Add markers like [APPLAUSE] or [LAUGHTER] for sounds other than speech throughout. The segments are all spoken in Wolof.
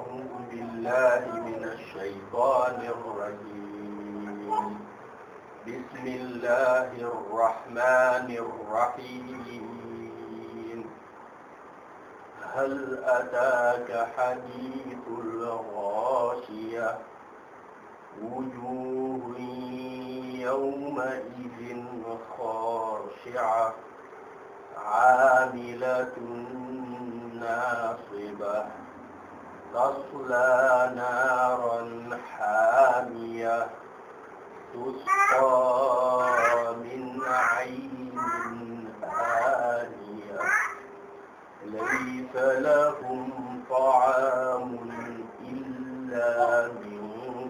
أعوذ بالله من الشيطان الرجيم بسم الله الرحمن الرحيم هل أتاك حديث الغاشية وجوه يومئذ خاشعة عاملة ناصبة تصلى نارا حامية تسقى من عين آنية ليس لهم طعام إلا من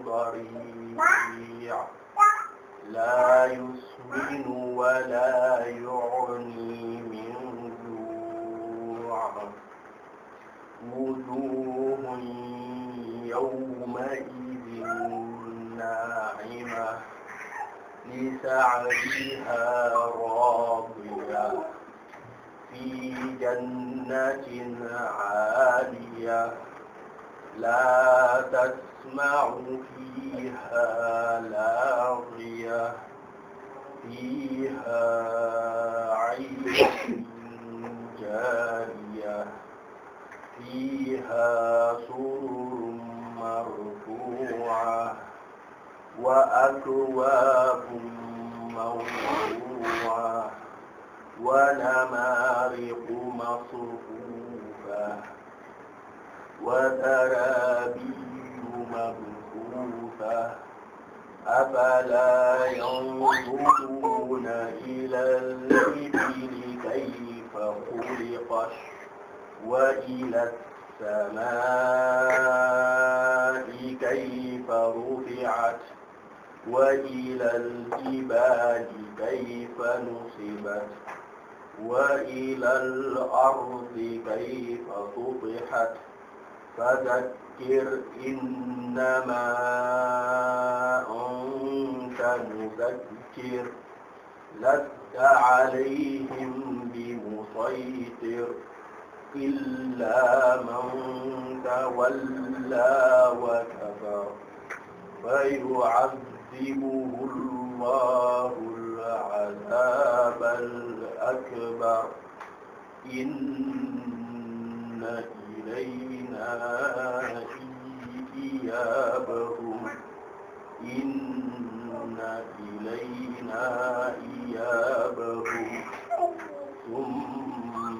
ضريع لا يسمن ولا يعلم وجوه يومئذ ناعمة لسعيها راضية في جنة عالية لا تسمع فيها لاغية فيها عين جارية فيها سرر مرفوعة وأكواب موضوعة ونمارق مصفوفة وزرابي مبثوثة أفلا ينظرون إلى الإبل كيف خلقت وإلى السماء كيف رفعت وإلى الجبال كيف نصبت وإلى الأرض كيف سطحت فذكر إنما أنت مذكر لست عليهم بمسيطر إلا من تولى وكفر فيعذبه الله العذاب الأكبر إن إلينا إيابهم إن إلينا إيابهم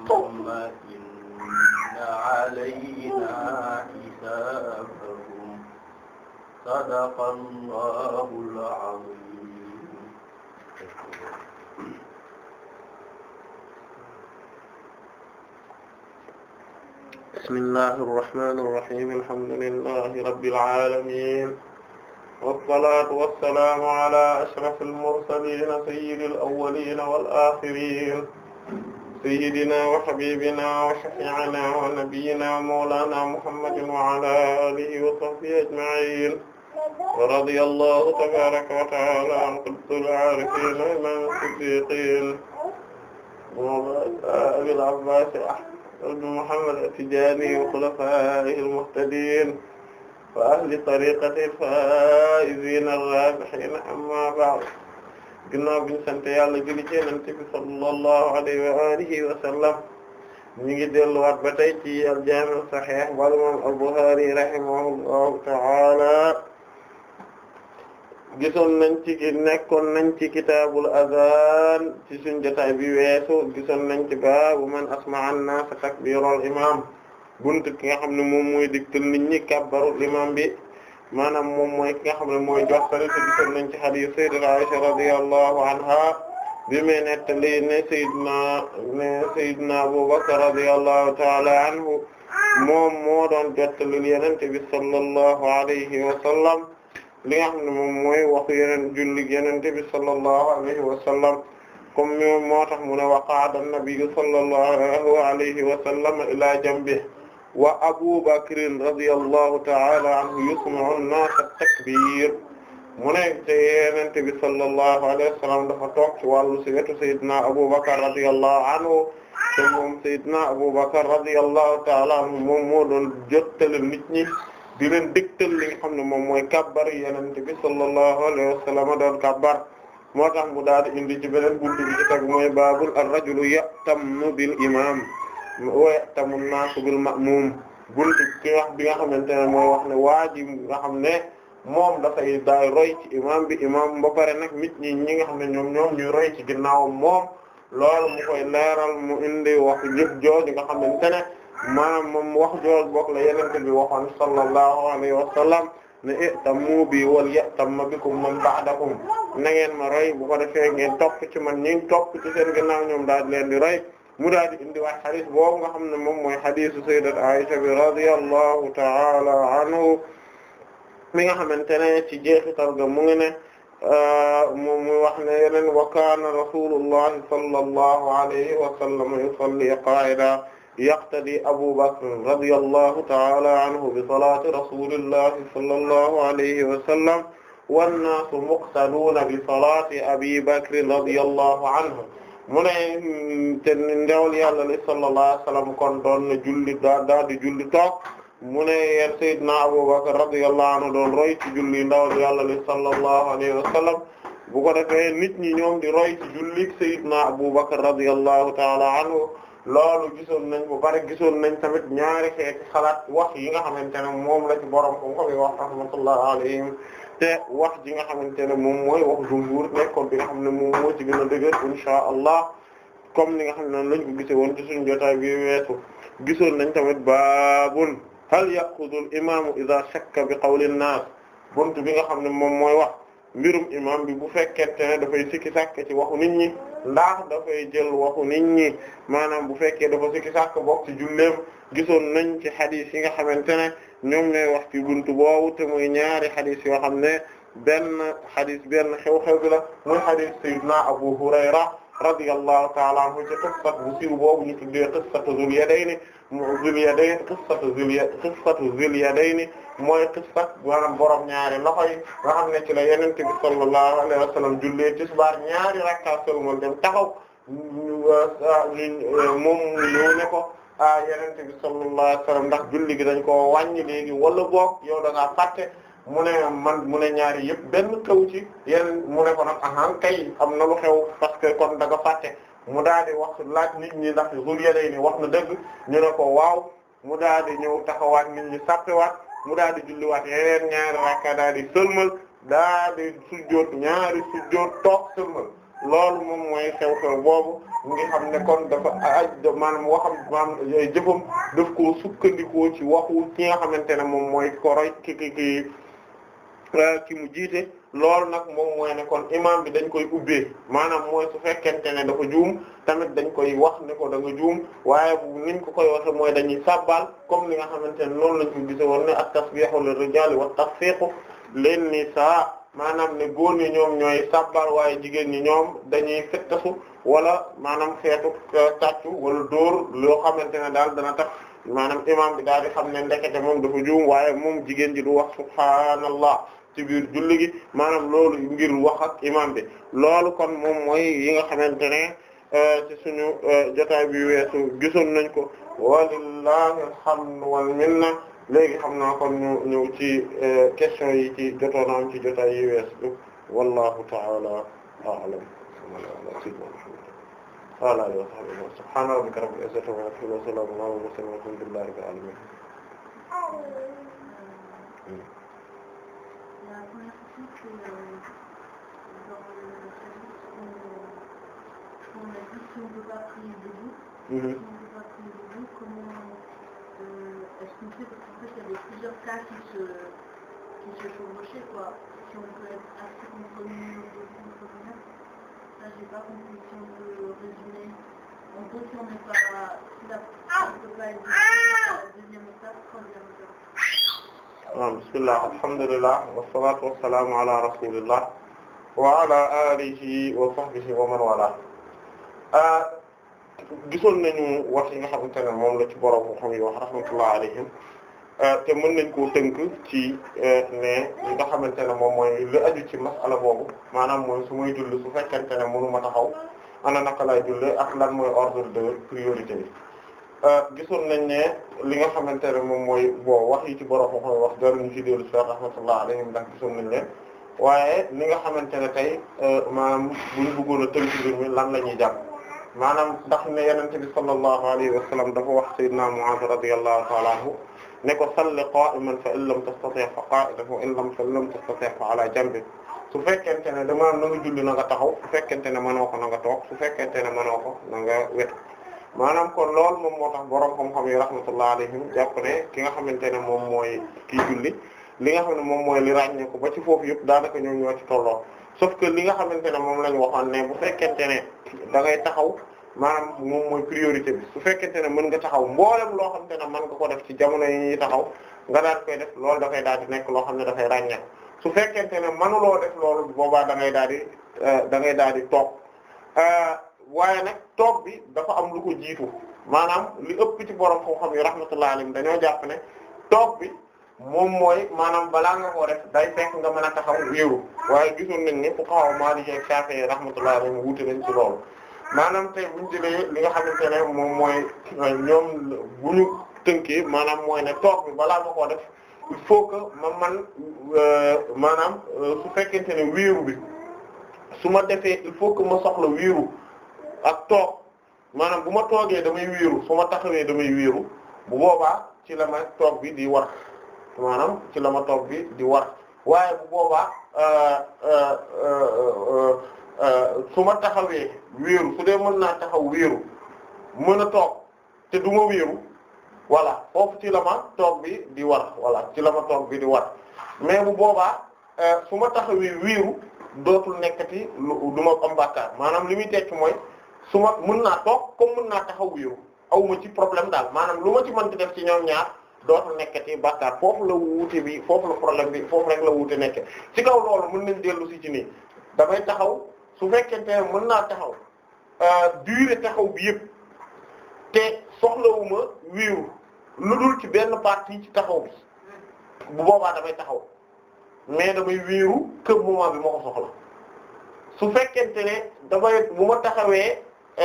ثم علينا حسابهم صدق الله العظيم بسم الله الرحمن الرحيم الحمد لله رب العالمين والصلاة والسلام على أشرف المرسلين سيد الأولين والآخرين sayyidina wa habibina wa shafi'ina wa nabiyyina wa mawlana muhammadin wa ala alihi wa sahbihi ajma'in wa radiyallahu tabaraka wa ta'ala an qutbil arifin imam siddiqin mawlana abil abbas ahmad muhammad at-tijani wa khulafa'ihi al-muhtadin wa ahli tariqatihi al-faa'izin ar-raabihin amma ba'd ginnaaw bi ñu sant yàlla julli ci yonent bi sallallahu alayhi wa alihi wa sallam ñu ngi delluwaat ba tey ci al-Jaami' as-Sahih wal imaam al-Bukhari ta'ala gisoon nañ ci nekkoon nañ ci kitaabul azaan ci suñu bi weesu gisoon nañ ci baabu man asma'a an-naasa takbiiral imaam buntu ki bi maanaam moom mooy ki nga xam ne mooy jottali te gisoon nañ ci hadith sayyidina Aisha radiyallahu anha bi muy nettali ne sayyidina ne sayyidina Abu Bakr radiyallahu ta'ala anhu moom moo doon jottali Yonent bi sallallahu alayhi wa sallam li nga xam ne moom mooy waxu yeneen julli Yonent bi sallallahu alayhi wa sallam comme moo tax mu ne wa qaada an-nabiyyu sallallahu alayhi wa sallam ila janbihi wa Abu Bakr radiyallahu ta'ala anhu yusmi'u an-naasa takbiir mu ne te Yonent bi sallallahu alayhi wa sallam dafa toog ci wàllu ci wetu Seydina Abu Bakr radiyallahu anhu te moom Seydina Abu Bakr radiyallahu ta'ala anhu moom moo doon jottali nit ñi di leen dégtal li nga xam ne moom mooy kabbar Yonent bi sallallahu alayhi wa sallam doon kabbar moo tax mu daal di indi ci beneen buntu bi ci teg mooy baabul ar-rajulu ya'tammu bil imaam. wa tamun naasu bil ma'muum buntu ci wax bi nga xamante ne mooy wax ne waa ji nga xam ne moom dafay daay roy ci imam bi imam ba pare nag nit ñi ñi nga xam ne ñoom ñoom ñuy roy ci ginnaawam moom lool mu koy leeral mu indi wax jëf jooju nga xamante ne maanaam moom wax jooju bokk la yenente bi waxoon sallallahu alayhi wa sallam ne mu bi wal ya'tamma bikum man ba'dakum na ngeen ma roy bu ko defee ngeen topp ci man ñi topp ci seen ginnaaw ñoom daal di leen di roy mu daal di indiwaat xadis boobu nga xam ne moom mooy xadisu sayyidat Aisha bi radiyallahu ta'ala anhu mi nga xamante ne ci jeexital ga mu ngi ne moom euh, muy wax ne yeneen wa kaana rasulullahi sallallahu alayhi wa sallam yusalli qaa'ida yaqtadi Abu Bakr radiyallahu ta'ala anhu bi salaati rasulillahi sallallahu alayhi wa sallam wannaasu muqtaduuna bi salaati Abi Bakr radiyallahu anhu mu ne mm, te ndewal yàlla li sallallahu alayhi wasallam kon doon na julli daa daa di julli toog mu ne yen sayyidna Abubakar radiyallahu anhu doon roy ci julli ndawal yàlla li sallallahu alayhi wasallam bu ko defee nit ñi ñoom di roy ci julli sayyidna Abubakar radiyallahu ta'ala anhu loolu gisoon nañ bu bari gisoon nañ tamit ñaari xeeti xalaat wax yi nga xamante ne moom la ci borom xam-xam yi wax rahmatullahi alayhim te wax ji nga xamante ne moom mooy wax jumhur nekkoon bi nga xam ne moom moo ci gën a dëgër inshaa allah comme ni nga xam ne noonu lañ ko gise woon ci suñu jotaay bi weesu gisoon nañ tamit baabun hal yaqudu l imamu ida shakka bi qawli nnaas bunt bi nga xam ne moom mooy wax mbirum imam bi bu fekkente ne dafay sikki sàkk ci waxu nit ñi ndax dafay jël waxu nit ñi maanaam bu fekkee dafa sikki sàkk bokk ci julleem gisoon nañ ci hadith yi nga xamante ne ñoom ñooy wax ci buntu boobu te ñaari xadis yoo xam ne benn xadis benn xew-xew bi la muy xadis sayyidina Abu Hurayra radiyallahu ta'ala anhu ci qissat bu siiw boobu ñu tuddee qissatu Zul Yadayni Zul Yadayni mooy qissat maanaam ñaari loxo yi nga ne ci la Yonent bi sallallahu alayhi wa sallam jullee tisbaar ñaari rakka sëlmal dem taxaw moom ñëw ne yenente bi sallallahu alayhi wasallam ndax julli gi dañ koo wàññi léegi wala boog yow da ngaa fàtte mu ne man mu ne ñaari yëpp benn xew ci yeneen mu ne ko nag ahan kay am na lu xew parce que kon da nga mu daal di wax laaj nit ñi ndax zul yaday ni wax na dëgg ñu ne ko waaw mu daal di ñëw taxawaat nit ñi sàppewaat mu daal di julliwaat yeneen ñaari rakka daal di sëlmal daal di sujjóot ñaari sujjóot toog sëlmal loolu moom mooy xew-xew boobu mu ngi xam ne kon dafa ay maanaam waxam maanaam jëfam daf ko sukkandikoo ci waxu ki nga xamante ne moom mooy koroy ki ki ki euh, ki mu jiite loolu nag moom mooy ne kon imam bi dañ koy ubbee maanaam mooy su fekkente ne dafa juum tamit dañ koy wax ne ko da juum waaye bu niñ ko koy waxe mooy dañuy sabbal comme li nga xamante ne noonu lañ ko woon ne at-tasbihu lir-rijali wat-tasfiqu lin-nisa maanaam ne góor ñi ñoom ñooy sabbal waaye jigéen ñi ñoom dañuy fettasu wala maanaam xeetu euh, tàccu wala dóor loo xamante ne daal dana tax maanaam imam bi daal xam ne ndekete moom dafa juum waaye moom jigéen ji du wax subhaanallah ci biir julli maanaam loolu ngir wax ak imam bi loolu kon moom mooy yi nga xamante ne euh, ci suñu euh, jotaay bi weesu gisoon nañ ko walillahi alhamdu wal minna léegi xam naa kon ñu ñëw ci question yi ci jotoon am ci jotaay yi weesu wallahu ta'ala a'lam وعلى آله وصحبه سبحان ربك رب العزة عما يصفون وسلام على المرسلين والحمد لله رب العالمين Mmh. Est-ce qu'on sait parce qu'en fait, il y avait plusieurs cas qui se qui se chevauchaient quoi, si on peut être assez compromis ou contre ça j'ai pas compris si on peut résumer. En gros, si on n'est pas, si la, ah on peut pas être ah deuxième étape, troisième étape. waaw bismillah alhamdulillah wassalatu wassalamu ala rasulillah wa ala alihi wa sahbihi wa man wala euh, gisoon nañu wax yi nga xamante ne moom la ci borom xam yi wax rahmatullah alayhim Euh, te mën nañ koo tënk ci euh, ne li nga xamante ne moom mooy lu aju ci masala boobu maanaam mooy su may julli su fekkente ne mënu ma taxaw ana naka laay julli ak lan mooy ordre de priorité bi euh, gisoon nañ ne li nga xamante ne moom mooy boo wax yi ci borom wax wax jaruñu ci dellu si rahmatullah alayhim ndax gisoon nañ ne waaye li nga xamante ne tey maanaam buñu bëggoon a tënk mbir mi lan la ñuy jàpp maanaam ndax ne yenente bi sallallahu alayhi wa sallam dafa wax sayyidna Mu'adh radiyallahu ta'ala ne ko salli qa'iman fa in lam tastati' fa qa'idan wa in lam fa in lam fa ala janbi su fekkente ne dama na nga julli na nga taxaw su fekkente ne mënoo ko na nga toog su fekkente ne mënoo ko na nga wet maanaam kon lool moom moo tax borom xam-xam yi rahmatullahi alayhim jàpp ne ki nga xamante ne moom mooy kii julli li nga xam ne moom mooy li ràññee ko ba ci foofu yëpp daanaka ñoom ñoo ci tolloo sauf que li nga xamante ne moom la ñu waxoon ne bu fekkente da ngay taxaw maanaam moom mooy priorité bi su fekkente ne mën nga taxaw mboolem loo xam ne mën nga ko def ci jamono yi ñuy taxaw nga daal koy def loolu dafay daal di nekk loo xam ne dafay ràññeeku su fekkente ne mënuloo def loolu boobaa da ngay daal di euh, da ngay daal di toog euh, waaye nag toog bi dafa am lu ko jiitu maanaam li ëpp ci borom xam-xam yi rahmatullahi alayhim dañoo jàpp ne toog bi moom mooy maanaam balaa nga koo def day fekk nga mën a taxaw wéeru waaye gisoon nañ ne fuqaha Maliki ak Shafi'i rahmatullahi alayhim wuute nañ ci loolu. maanaam tey buñ jëlee li nga xamante ne moom mooy euh, ñoom bu ñu tënkee maanaam mooy ne toog bi balaa ma koo def il faut que ma man euh, maanaam euh, su fekkente ne wéeru bi su ma defee il faut que ma soxla wéeru ak toog maanaam bu ma toogee damay wéeru su ma taxawee damay wéeru bu boobaa ci la ma toog bi di war maanaam ci la ma toog bi di war waaye bu boobaa Euh, su ma taxawee wéeru su dee mën naa taxaw wéeru mën a toog te du ma wéeru voilà foofu ci la ma toog bi di war voilà ci la ma toog bi di war mais bu boobaa euh, su ma taxawee wiiru dootul nekkati lu du ma am bàkkaar maanaam li muy tekki mooy su ma mën naa toog comme mën naa taxaw wéeru aw ma ci problème daal maanaam lu ma ci mënti def ci ñoom ñaar dootul nekkati bàkkaar foofu la wuute bi foofu la problème bi foofu rek la wuute nekke ci kaw loolu mën nañ dellu si ci nii damay taxaw. su fekkente ne mën naa taxaw euh, durée taxaw bi yëpp te soxlawuma wiiw lu dul ci benn partie ci taxaw bi bu boobaa damay taxaw mais damay wiiru que moment bi ma ko soxla su fekkente ne damay bu ma taxawee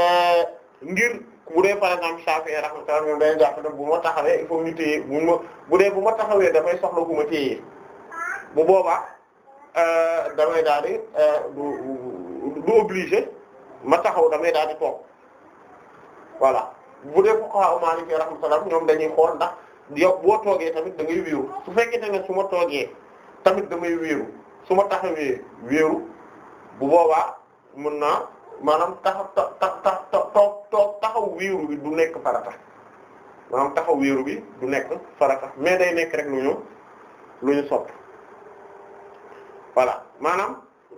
euh, ngir bu dee par exemple Shafi'i rahmatullah moom day jàpp ne bu ma taxawee il faut ñu téye bu dee bu ma taxawee damay soxla bu ma téye bu boobaa euh, damay daal du obligé ma taxaw damay daal di toog voilà bu dee fuqaha Maliki rahmatullah ñoom dañuy xool ndax yow boo toogee tamit da ngay wéeru su fekkente ne su ma toogee tamit damay wéeru su ma taxawee wéeru bu boobaa mën naa maanaam taxaw ta ta taxaw wéeru bi du nekk farata maanaam taxaw wéeru bi du nekk farata mais day nekk rek lu ñu lu ñu sopp voilà maanaam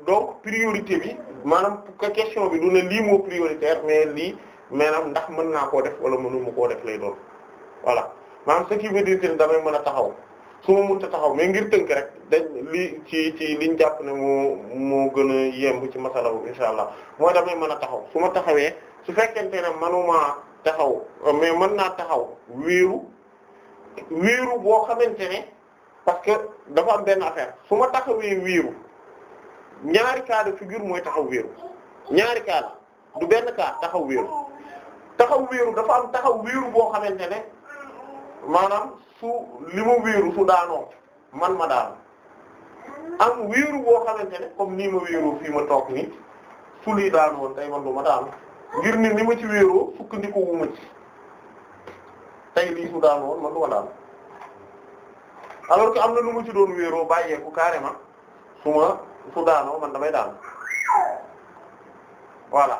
donc priorité bi maanaam que question bi du ne lii moo prioritaire mais lii maanaam ndax mën naa koo def wala mënuma koo def lay doon voilà maanaam ce qui veut dire que damay mën a taxaw su ma mënta taxaw mais ngir tënk rek dañ li ci ci liñ jàpp ne moo moo gën a yemb ci masala bu insha allah mooy damay mën a taxaw su ma taxawee su fekkente ne manuma taxaw mais mën naa taxaw wéeru wéeru boo xamante ne parce que dafa am benn affaire su ma taxawee wiiru ñaari cas de figure mooy taxaw wéeru ñaari cas la du benn cas taxaw wéeru taxaw wéeru dafa am taxaw wéeru boo xamante ne maanaam su li ma wéeru su daanoo man ma daanu am wéeru boo xamante ne comme nii ma wéeru fii ma toog nii su lii daanoon tey man du ma daanu ngir ni ni ma ci wéeroo sukkandiku wu ma ci tey lii su daanoon man du ma daanu alors que am na lu ma ci doon wéeroo bàyyeeku carrément su ma su daanoo man damay daan voilà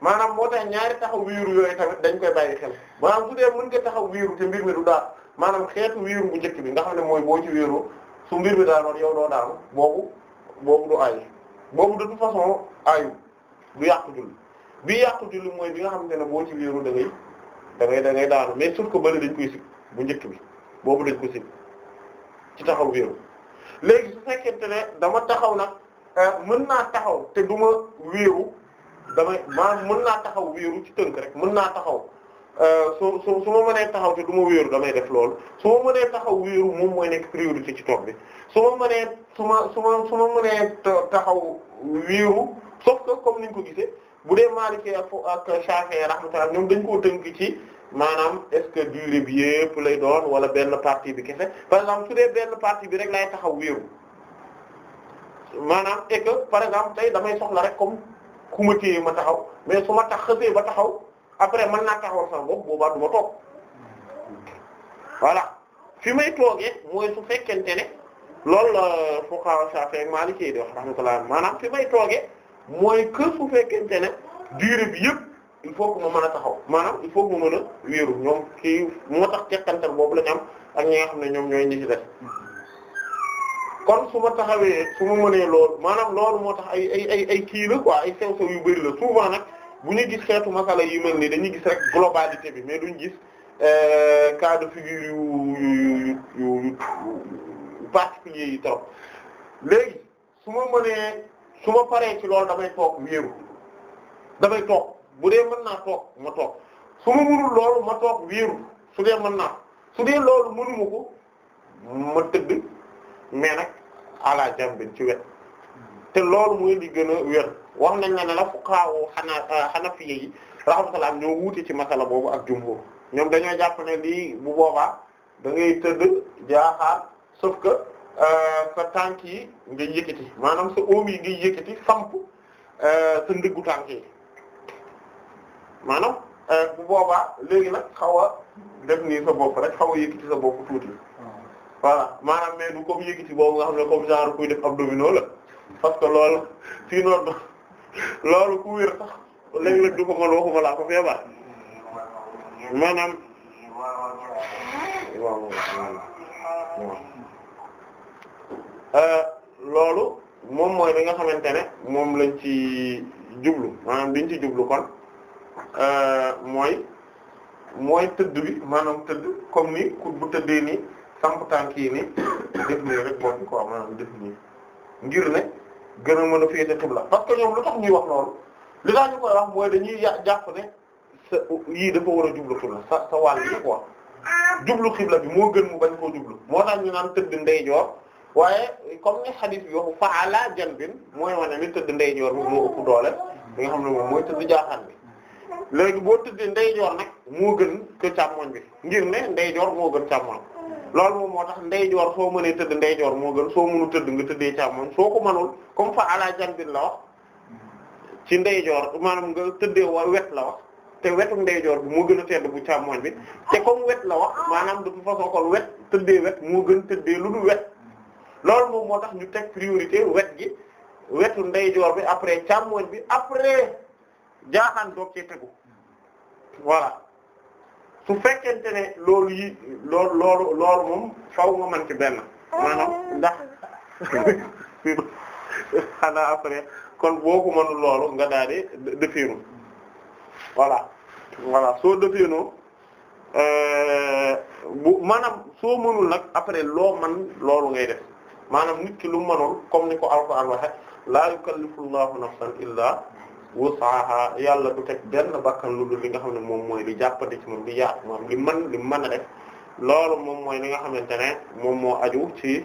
maanaam moo tax ñaari taxaw wiiru yooyu tamit dañ koy bàyyi xel maanaam su dee mën nga taxaw wiiru te mbir mi du daal maanaam xeetu wiiru bu bi nga ne mooy boo ci wiiru su mbir mi yow doo daanu boobu boobu du aayu boobu de toute façon bi yàqu julli mooy bi nga xamante ne boo ci wiiru da da ngay da ngay mais suuf ko bëri dañ koy si bu njëkk bi boobu dañ ko si ci taxaw wiiru léegi su fekkente ne dama taxaw na euh, mën naa taxaw te duma ma wéeru damay maanaam mën naa taxaw wéeru ci tënk rek mën naa taxaw euh, su su su ma mënee taxaw te du ma wéeru damay def loolu su ma mënee taxaw wéeru moom mooy nekk priorité ci toog bi su ma mënee su ma su ma su ma mënee taxaw wéeru sauf que comme niñ ko gisee bu dee Maliki ak Shafi'i rahmatullah ñoom dañ koo tënk ci maanaam est-ce que durée bi yépp lay doon wala benn partie bi kese par exemple su dee benn partie bi rek lay taxaw wéeru maanaam et par exemple tey damay soxla rek comme ku ma téye ma taxaw mais su ma tax xësee ba taxaw après man naa taxawal sama bopp boobaa du ma toog voilà fi may toogee mooy su fekkente ne loolu la fuqaha Shafi'i ak Maliki di wax rahmatullah maanaam fi may toogee mooy que su fekkente ne dure bi yépp il faut que ma mën a taxaw maanaam il faut que ma mën a wéeru ñoom kii moo tax tekkantal boobu lañ am ak ñi nga xam ne ñoom ñooy ñi ci kon su ma taxawee su ma mënee loolu maanaam loolu moo tax ay ay ay ay kii la quoi ay sew sew yu bëri la souvent nag bu ñu gis xeetu masala yu mel nii dañuy gis rek globalité bi mais duñ gis euh, cas de figure yu yu yu yu particulier yi trop léegi su ma mënee su ma paree ci loolu damay toog wéeru damay toog. bu dee mën naa toog ma toog su ma mënul loolu ma toog wiiru su dee mën naa su dee loolu mënuma ko ma tëdd mais nag ala jambin ci wet te loolu mooy li gën a wér wax nañ ne la fuqaawu xanaa xanafi euh, yi rahmatullah ñoo wuute ci masala boobu ak jumhur ñoom dañoo jàpp ne lii bu boobaa da ngay tëdd jaaxaar sauf que euh, sa tànk yi ngay yëkkati maanaam sa oom yi ngay yëkkati samp euh, sa ndiggu tànk yi maanaam euh, bu boobaa léegi nag xaw a def nii sa xaw a yëkkati sa bopp tuuti voilà maanaam mais du comme yëkkati boobu nga xam ne comme genre kuy parce que loolu sinon loolu ku wér euh, moom mooy li nga xamante ne moom lañ ci jublu maanaam liñ ci jublu kon Euh, mooy mooy tëdd bi maanaam tëdd comme ni ku bu tëddee nii samp tànk yi nii def nii rek boo ko am maanaam def nii ngir ne gën a mën a féete xibla parce que ñoom lu tax ñuy wax loolu li tax dañuy jàpp ne sa yii dafa a jublu xibla sa sa wàll moo gën mu bañ koo ñu naan tëdd ndeyjoor waaye comme ni xadis bi waxu fa ala janbin mooy wane ni tëdd ndeyjoor bi moo ëpp li nga xam ne moom mooy tëdd jaaxaan bi léegi boo tëddee ndeyjoor nag moo gën que càmmoñ bi ngir ne ndeyjoor moo gën càmmoñ loolu moom moo tax ndeyjoor soo mënee tëdd ndeyjoor moo gën soo mënu nga tëddee càmmoñ soo ko mënul comme fa ala la wax ci ndeyjoor maanaam nga tëddee wa wet la wax te wetu ndeyjoor bi moo gën a tedd bu càmmoñ bi te la maanaam de toute façon kon wet tëddee moo gën tëddee lu dul wet loolu moom moo tax ñu teg priorité wet gi wetu ndeyjoor bi après càmmoñ bi après. jaaxaan doog cee tegu voilà su fekkente ne loolu yi loolu loolu loolu moom faw nga mën ci benn maanaam ndax [LAUGHS] xanaa après kon boo ko mënul loolu nga daal di defiinu voilà voilà soo defiinoo euh, bu maanaam soo mënul nag après loo man loolu ngay def maanaam nit ki lu mënul comme ni ko Alxuraan waxe laa yukallifu llaahu nafsan illaa wusaaha yàlla du teg benn bakkan lu dul li nga xam ne moom mooy li jàppandi ci moom li yaatu moom li man li mën a def loolu moom mooy li nga xamante ne moom moo aju ci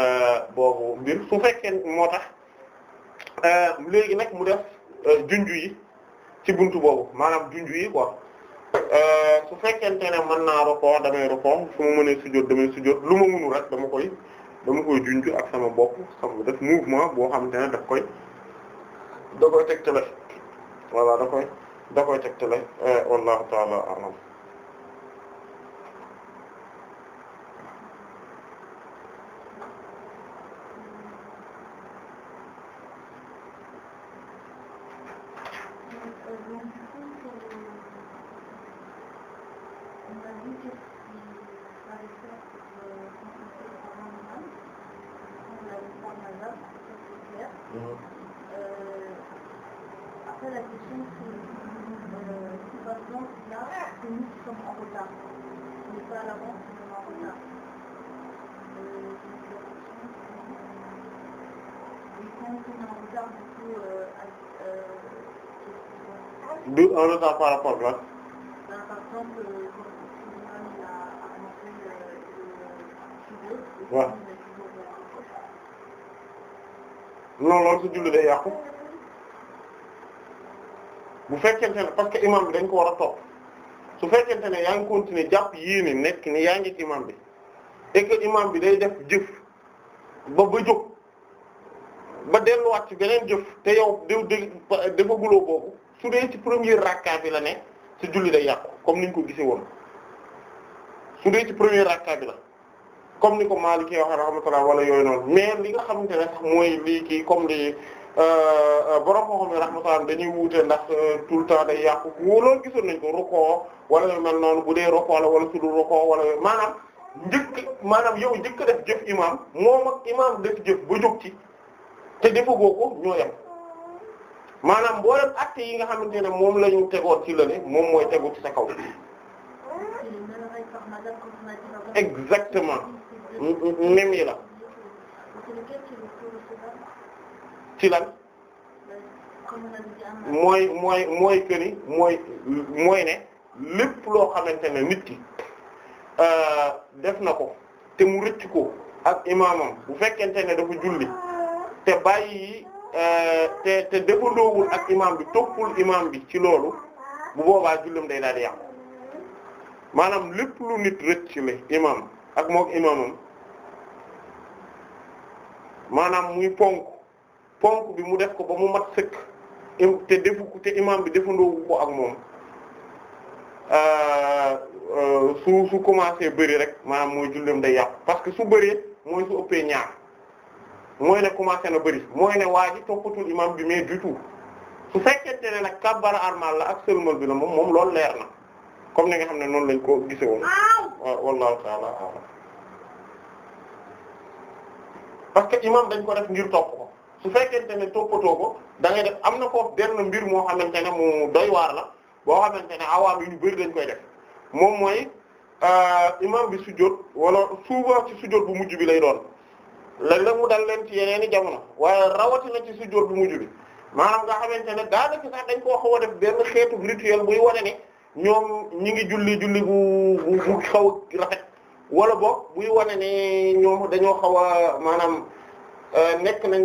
euh, boobu mbir su fekkee moo tax euh, léegi nag mu def euh, junju yi ci buntu boobu maanaam junju yi quoi su fekkente ne man naa roko damay roko su ma mënee sujjóot damay sujjóot lu ma mënu rek dama koy dama koy junju ak sama bopp xam nga def mouvement boo xamante ne daf koy da koy tegtale voilà da koy da koy tegtale eh, wallahu ta'ala a'lam wala ça par rapport là. su yàqu bu fekkente ne parce que bi dañ ko war a topp su fekkente ne yaa ngi continuer jàpp yéene nekk ni yaa ngi imam bi et que imam bi day def jëf ba ba jóg ba delluwaat ci beneen jëf te yow def defaguloo boobu su dee ci première rakka bi la ne ci julli a yàqu comme niñ ko gisee woon su dee ci première rakka bi la comme ni ko Maliki wax rahmatullah wala yooyu noonu mais li nga xamante ne sax mooy lii kii comme li euh, borom moo xam ne rahmatullah dañuy wuute ndax euh, tout le temps day yàqu loolu gisoon ko rukoo wala noonu bu dee rukoo la wala maanaam njëkk maanaam yow njëkk def jëf imam moom ak imam def jëf ba jóg ci te defagoo ko ñoo yem maanaam mboolem acte yi nga xamante ne moom la ñu tegoon ci la ne moom mooy tegu ci sa kaw. exactement. nem yi la. ci lan. mooy mooy mooy que mooy mooy ne lépp loo xamante ne nit ki euh, def na ko te mu rëcc ko ak imaamam bu fekkente ne dafa julli te bàyyi. Euh, te te dëppandoowul ak imam bi toppul imam bi ci loolu bu boobaa jullam day daal di yàqu lépp lu nit rëcc le imam ak mook imamam maanaam muy ponk ponk bi mu def ko ba mu mat sëkk te defu te imam bi defandoowu ko ak moom euh, euh, su su commencé bëri rek maanaam mooy jullam day yàqu parce que su bëree mooy su ëppee ñaar mooy ne commencé na bëri mooy ne waa ji toppatul imam bi mais du tout su fekkente ne nag kabbara armal la ak sëlmal bi la moom moom loolu leer na comme ni nga xam ne noonu lañ ko gise woon waaw wallahu ta'ala a'lam parce que imam dañ ko def ngir topp ko su fekkente ne toppatoo ko da ngay def am na foofu benn mbir moo xamante ne mu doy waar la boo xamante ne awaam yu ñu bëri dañ koy def moom mooy euh, imam bi sujjóot wala souvent ci sujjóot bu mujj bi lay doon léeg-léeg mu dal leen ci yeneeni jamono waaye rawatina ci sujjóot bu mujj bi maanaam nga xamante ne daanaka sax dañ koo xaw a def benn xeetu rituel buy wane ne ñoom ñi ngi julli julli bu bu xaw a rafet wala boog wane ne ñoom dañoo xaw a maanaam euh, nekk nañ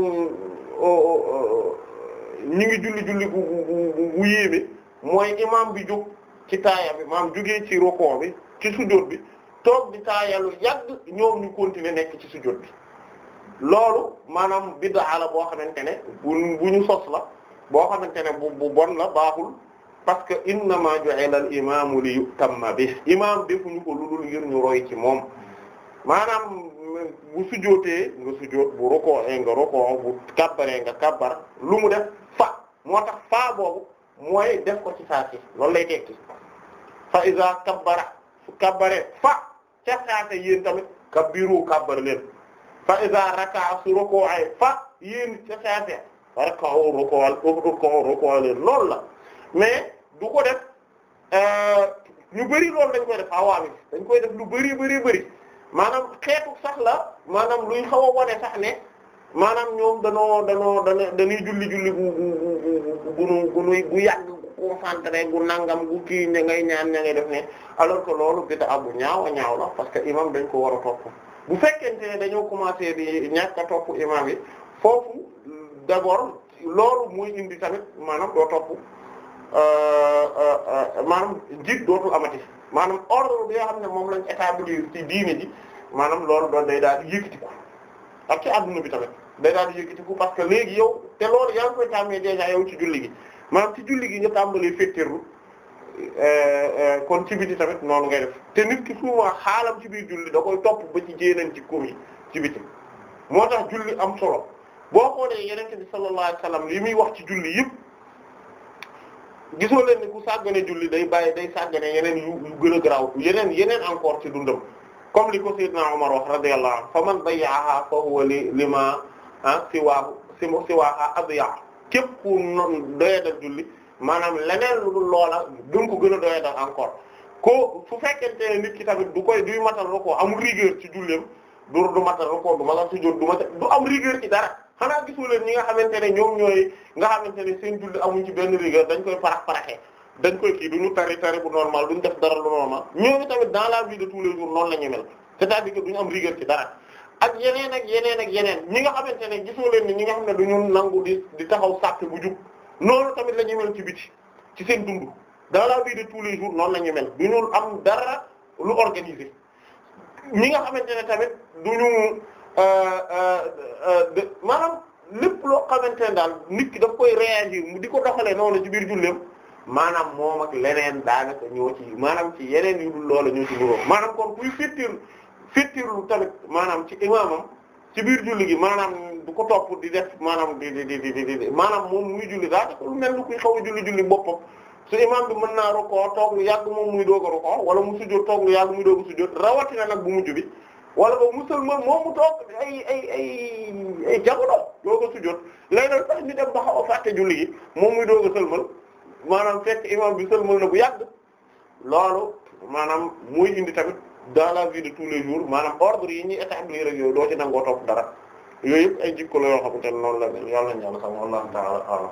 ngi julli julli mooy imam bi jóg ci taaya bi maanaam jógee ci rokon bi ci sujjóot bi toog di taayalu yàgg ñoom ñu continuer nekk ci sujjóot bi. loolu maanaam bid'a la boo xamante ne bu ñu sos la boo xamante ne bu bu bon la baaxul parce que innama ju'ila al imaamu li yutamma bi imaam ñu ko ludul ngir ñu roy ci moom maanaam bu sujootee nga sujoot bu rokoo nga rokoo bu kabbaree nga kabbar lu mu def fa moo tax fa boobu mooy def ko ci saa si loolu lay tekki fa iza kabbara su kabbaree fa ca saa sa tamit kabbiru kabbar leen fa iza raka'a su rukoo ay fa yéen ca saafee raka'u ruku'al ruku'u ruku'al loolu la mais du ko def euh, ñu bëri loolu dañ koy def awaami ah dañ koy def lu bëri bëri bëri maanaam xeetu sax la maanaam luy xaw a wone sax ne maanaam ñoom danoo danoo dana dañuy julli julli gu gu gu gu yàgg gu concentré gu nangam gu kii ña ngay ñaan ña ngay def ne alors que loolu bida abu ñaaw a ñaaw la parce que imam dañ ko war a topp bu fekkente ne dañoo commencé di ñàkk a topp imam yi foofu d'abord loolu muy indi tamit maanaam doo topp euh, euh, euh, maanaam jiit dootul amati maanaam ordre bi nga xam ne moom lañ établir ci diine ji maanaam loolu doon day daal di yëkkatiku ak ci adduna bi tamit day daal di yëkkatiku parce que léegi yow te loolu yaa ngi koy tàmmee déjà yow ci julli gi maanaam ci julli gi nga tàmbalee féttéerlu Euh, euh, kon ci biti tamit noonu nga def te nit ki souvent xaalam ci biir julli da koy topp ba ci jéeneen ci koom yi ci biti moo tax julli am solo boo xoolee yenente bi sallallahu alayhi li muy wax ci julli yëpp gisoo leen ni ku sàggane julli day bàyyi day sàggane yeneen yu gën a garaaw yeneen yeneen encore ci dundam comme li ko sayyidna Umar wax radiyallahu anhu fa man bayyaaha fa huwa li lima ah siwaahu si siwaaha adya képp ku doyadal julli maanaam leneen lu dul loola duñ ko gën a doyatal encore ko su fekkente ne nit ki tamit du koy duy matal rukoo amul rigueur ci du du matal rukoo du matal sujjóot du matal du am rigueur ci dara xanaa gisu ñi nga xamante ne ñoom ñooy nga xamante ne seen julli amuñ benn rigueur dañ koy parax paraxee dañ koy kii duñu tari tari bu normal duñ def lu normal ñooñu tamit dans la vie de tous les la ñu mel c'est-à-dire que duñu am rigueur ci dara ak yeneen ak yeneen ñi nga xamante ne gisoo leen ñi nga xam ne duñu nangu di di taxaw sàpp bu jub noonu tamit la ñuy ci biti ci seen dund dans la vie de tous les jours noonu la ñuy mel am dara lu organisé ñi nga xamante ne tamit du ñu euh, euh, euh, maanaam lépp loo xamante ne daal nit ki daf koy réagir di ko doxalee noonu ci biir julleem maanaam moom ak leneen daanaka ñoo ci maanaam ci yeneen yu dul loola ñoo ci nuroo maanaam kon kuy fittir fittirlu tamit maanaam ci imaamam ci biir julli gi maanaam. du ko topp di def maanaam di di di di di maanaam moom muy julli daa def lu mel ni kuy xaw a julli julli boppam su imam bi mën naa rukkoo toog lu yàgg moom muy doog a rukkoo wala mu sujjóot toog lu yàgg muy doog a sujjóot rawatina nag bu mujj bi wala ba musulman moom mu toog ay ay ay ay jamono doog a sujjóot léegi nag sax ñu dem ba xaw a fàtte julli yi moom muy doog a sëlmal maanaam fekk imam bi sëlmal na bu yàgg loolu maanaam muy indi tamit dans la vie de tous les jours maanaam ordre yi ñuy établir ak yow doo ci nangoo topp dara. yooyu yëpp ay jikko la yoo xamante ne noonu la yàlla ñaan xam wallahu ta'ala a'lam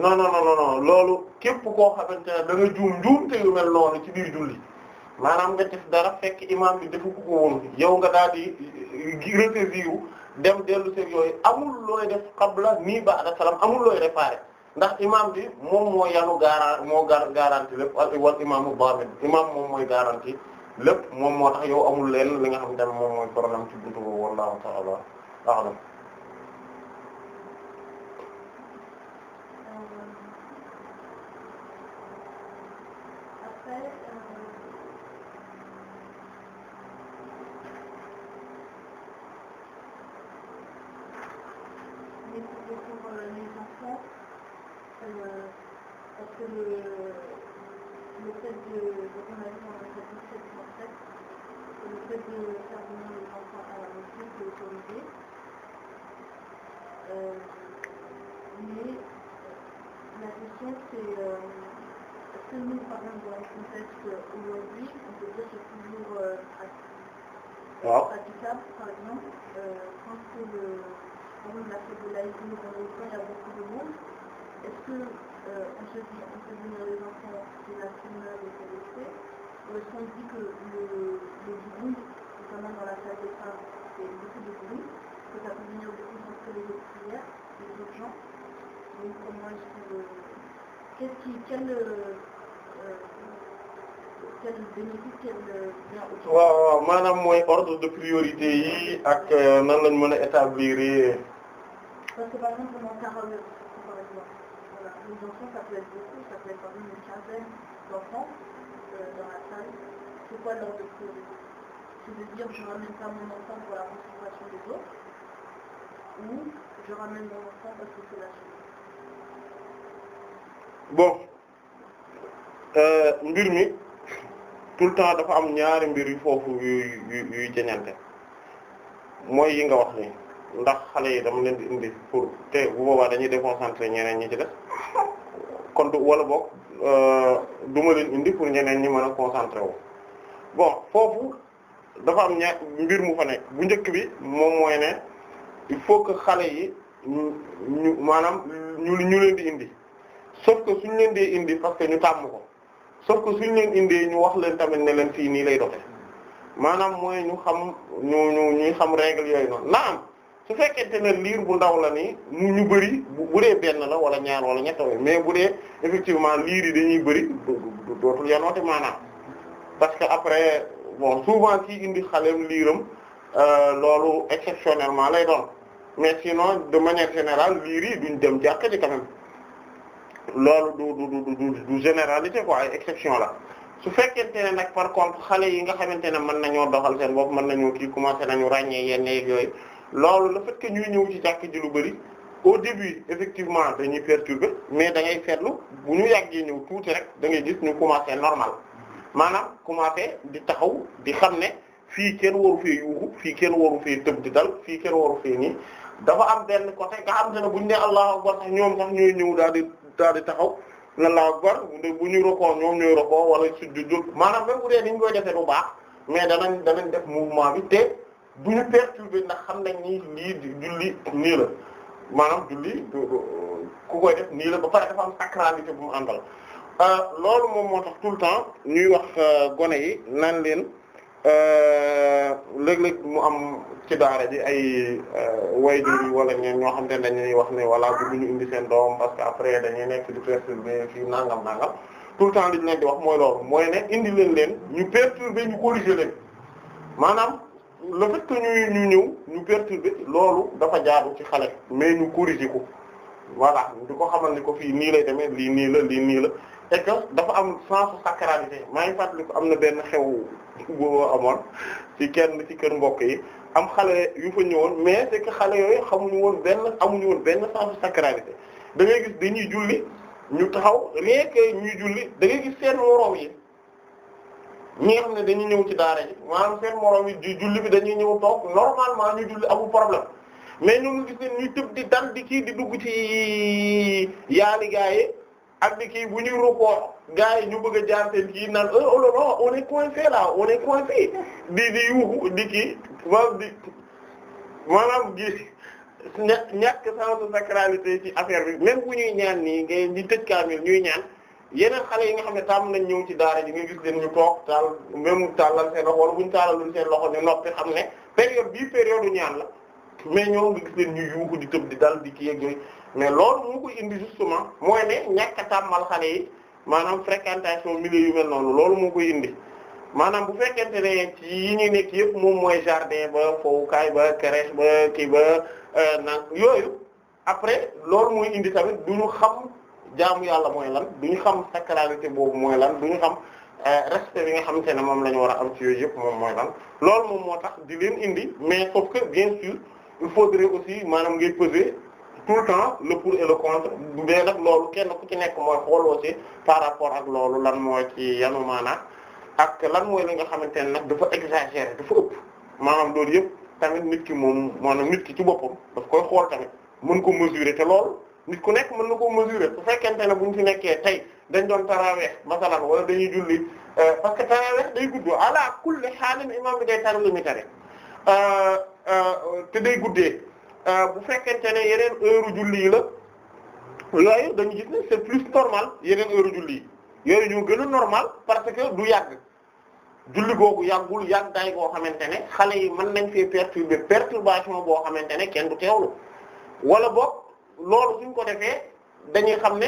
non non non loolu képp koo xamante ne da nga juum njuumte yu mel noonu ci biir julli maanaam nga def dara fekk imaam bi defu ko woon yow nga daal di retaisé wu dem dellu seen yooyu amul looy def qabla nii ba'da salaam amul looy réparé ndax imaam bi moom moo yanu gaara moo gar garanti lépp wal imaamu baamit imaam moom mooy garanti lépp moom moo tax yow amul leen li nga xam ne moom mooy problème ci buntu boobu wallahu a a'lam Euh, mais pour les enfants, euh, parce que le, le fait de, de remettre en fait, en fait, le fait de faire venir les enfants à la maison, c'est autorisé. Euh, nous, par exemple, dans le aujourd'hui, on peut dire c'est toujours euh, ah. par exemple, euh, quand c'est le, on a fait de l'IT dans l'école, y a beaucoup de monde. Est-ce que euh, on se dit, on fait venir les enfants la primeur et de l'essai, ou est-ce qu'on dit que le, le notamment dans la des femmes, c'est beaucoup de bruit, que ça peut de concentrer les autres prières, les urgences, donc comment est-ce euh, qu'est-ce qui euh, euh, bien euh, waaw maanaam mooy ordre de priorité yi ak nan lañ mën a établir. parce que par exemple on a parlé voilà les enfants ça peut être beaucoup ça peut être l'ordre priorité c'est de dire je ramène mon enfant pour la concentration des autres ou je mon enfant parce que c'est la chose bon euh, mbir mi tout le temps dafa am ñaari mbir yu foofu yu yu yuy jëñante mooy yi nga wax ni ndax xale yi dama leen di indi pour te bu boobaa dañuy déconcentré ñeneen ñi ci def kon du wala boog euh, du ma leen indi pour ñeneen ñi mën a concentré wu bon foofu dafa am ñaar mbir mu fa ne bu njëkk bi moom mooy ne il faut que xale yi ñu ñu maanaam ñu leen di indi sauf que suñ leen dee indi parce que ñu tàmm ko sauf que suñ leen indee ñu wax leen tamit ne leen fii nii lay doxe maanaam mooy ñu xam ñu ñu ñuy xam règle yooyu noonu naam su fekkente ne liir bu ndaw la ni mu ñu bëri bu dee benn la wala ñaar wala ñett mais bu dee effectivement liir yi dañuy bëri dootul yanoote maanaam parce que après bon souvent kii indi xalem liiram euh, loolu exceptionnellement lay doon mais sinon de manière général liir yi duñ dem jàkka ji quand loolu du du du du généralité quoi ay exception la su fekkente ne nag par contre xale yi nga xamante ne mën ñoo doxal seen bopp mën nañoo kii commencé nañu ràññee yenn yeeg yooyu loolu la fait que ñuy ñëw ci jàkk ji lu bari au début effectivement dañuy perturber mais da ngay seetlu bu ñu yàggee ñëw tuuti rek da ngay gis ñu commencé normal maanaam commencé di taxaw di xam ne fii kenn waru fee yuuxu fii kenn waru fee tëb di dal fii kenn waru fee nii dafa am benn côté nga xam te ne bu ñu nee ñoom sax ñooy ñëw daal di. daal di taxaw Allahu akbar bu ñu rokoo ñoom ñooy rokoo wala sujju jóg maanaam même bu dee dañ koy defee bu baax mais danañ danañ def mouvement bi te du ñu perturber ndax xam nañ ni lii julli nii la maanaam julli ku koy def nii la ba pare dafa am sacralité bu mu àndal euh, loolu moom moo tax tout le temps ñuy wax euh, gone yi naan leen. Euh, léeg-léeg mu am ci daara ji ay euh, waajur wala ñeen ñoo xam te ne dañuy wax ne wala bu ñu indi seen doom parce que après dañuy nekk di perturber fii nangam nangam tout le temps li ñu leen di wax mooy loolu mooy ne indi leen leen ñu perturber ñu corriger leen maanaam le fait que ñu ñëw ñu perturber loolu dafa jaadu ci xale mais ñu corriger ko voilà di ko xamal ni ko fii nii lay demee lii nii la lii nii la et que dafa am sensu sacralité maa ngi fàttali ko am na benn xew boo amoon ci kenn ci kër mbokk yi am xale yu fa ñëwoon mais c'est que xale yooyu xamuñu woon benn amuñu woon benn sensu sacralité da ngay gis dañuy julli ñu taxaw rien que ñuy julli da ngay gis seen moroom yi ñi nga xam ne dañuy ñëw ci daara ji maanaam seen moroom yi julli bi dañuy ñëw toog normalement ñu julli amul problème mais ñoom gis ne ñuy tëb di dal di kii di dugg ci yaali gaa ak di kii bu ñuy rukkoo gars yi ñu bëgg a jaar seen kii naan euh, oh non non on est coincé là on est coincé di di yuuxu di kii maanaam di maanaam gi ña ñàkk sens sacralité ci affaire bi même bu ñuy ñaan nii ngay di tëj kaamil ñuy ñaan yeneen xale yi nga xam ne tàmm nañ ñëw ci daara ji nga gis leen ñu toog taal même tàllal seen loxo wala bu ñu tàllalul seen loxo ñu noppi xam ne période bii période ñaan la mais ñoo nga gis leen ñu yuuxu di tëb di dal di kii ak mais loolu moo koy indi justement mooy ne ñàkk a yi maanaam fréquentation milieu yu mel noonu loolu moo koy indi maanaam bu fekkente ne ci yi ñuy nekk yëpp moom mooy jardin ba fowukaay ba crèche ba kii ba euh, nag yooyu après loolu mu indi tamit du ñu xam jaamu yàlla mooy lan du ñu xam sacralité boobu mooy lan du ñu xam euh, respect bi nga xamante ne moom la ñu war a am ci yooyu yëpp moom mooy lan loolu moom moo tax di leen indi mais sauf que bien sûr il maanaam ngay peser tout temps le pour et le contre mais nag loolu kenn ku ci nekk mooy xooloo par rapport ak loolu lan mooy ci yanu maanaam ak lan mooy li nga xamante ne nag dafa exagéré dafa ëpp maanaam loolu yëpp tamit nit ki moom maanaam nit ki ci boppam daf koy xool tamit mën ko mesurer te loolu nit ku nekk mën na koo mesurer su fekkente ne bu ñu fi nekkee tey dañ doon taraweex masalan wala dañuy julli euh, parce que taraweex day guddoo ala kulli xaalin imam bi day tar lu mi tare euh, euh, te day guddee Euh, bu fekkente ne yeneen heure julli yi la yooyu dañu gis ne c'est plus normal yeneen heure julli yi yooyu ñoo a normal parce que du yàgg julli googu yàggul yàggaay boo xamante ne xale yi mën nañ fee perturber perturbation boo xamante ne kenn du teewlu wala boo loolu suñ ko defee dañuy xam ne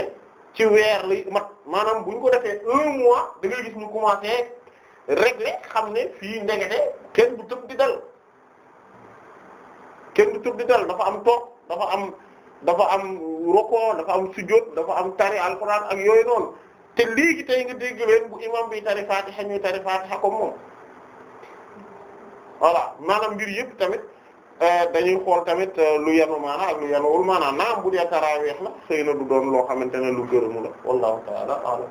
ci weer lay mat maanaam buñ ko defee un mois da ngay gis ñu commencé régler xam ne fii ndegete kenn du tëb di dal kenn du tudd dal dafa am toog dafa am dafa am roko dafa am sujjóot dafa am tari alxuraan ak yooyu noonu te léegi tey nga dégg leen bu imam bi tari Fatiha ñuy tari Fatiha comme moom voilà maanaam mbir yëpp tamit euh, dañuy xool tamit euh, lu yanu maana ak lu yanuwul maanaam naam bu dee taraweex la xëy na du doon loo xamante ne lu gërëmu la wallahu ta'ala a'lam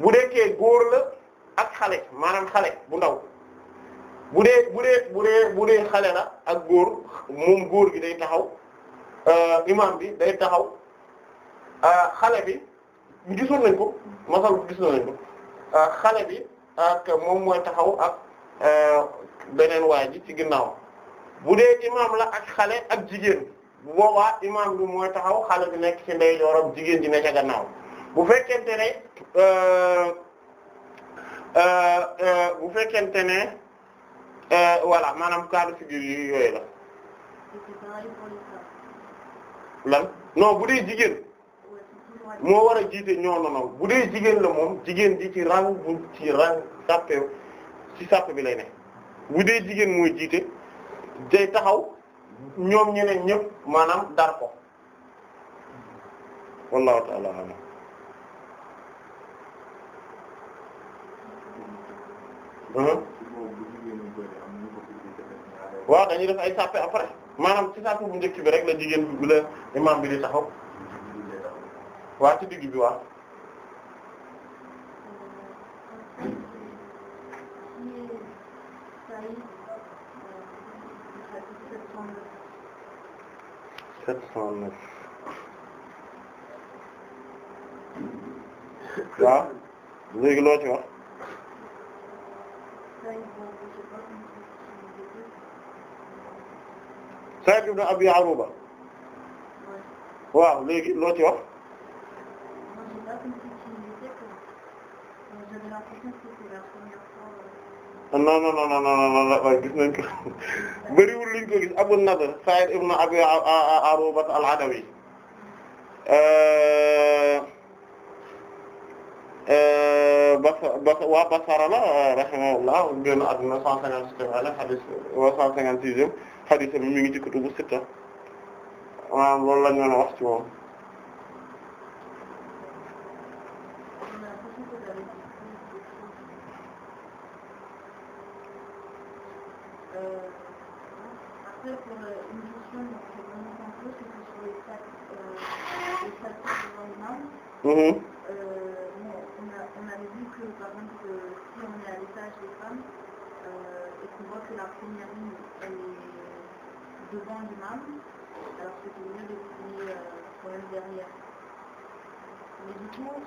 bu dekkee góor la ak xale maanaam xale bu ndaw bu dee bu dee bu dee bu dee xale la ak góor mu góor gi day taxaw euh, imam bi day taxaw euh, xale bi gisoon nañ ko masal gisoon nañ ko euh, xale bi ak moom mooy taxaw ak beneen waay ji ci ginnaaw bu dee imam la ak xale ak jigéen bu boobaa imam bi mooy taxaw xale bi nekk ci ndeyjooram jigéen ji ne ca gannaaw bu fekkente ne Euh, euh, euh, bu fekkente ne voilà maanaam cas de figure yooyu la lan non bu dee jigéen moo war a jiite ñoo noonu bu dee jigéen la moom jigéen di ci rang bu ci rang sàppe ci sàpp bi lay ne bu dee jigéen mooy jiite day taxaw ñoom ñeneen ñëpp maanaam dar ko wallahu ta'ala a'lam waaw dañuy def ay sàppe après maanaam ci sàppe bu njëkk bi rek la jigéen bi la imam bi di taxaw waa ci digg bi waa sept cent neuf waaw léegi loo ci wax Saïd ibn Abi Aruba waaw léegi loo ci wax. non non non non non non gis nañ ko [LAUGHS] bëriwul liñ ko gis Abu Nadr Saïd ibn Abi Aruba al-Adawi euh, euh, ba waa Basara la rahimahullah génn àdduna 156 ala hadith wa 156e hadith bi mi ngi ci kutubu sitta maanaam loolu la ñu mën a wax ci moom. mm une amie est devant l'imam, alors que c'est mieux de prier quand même derrière. Mais du coup,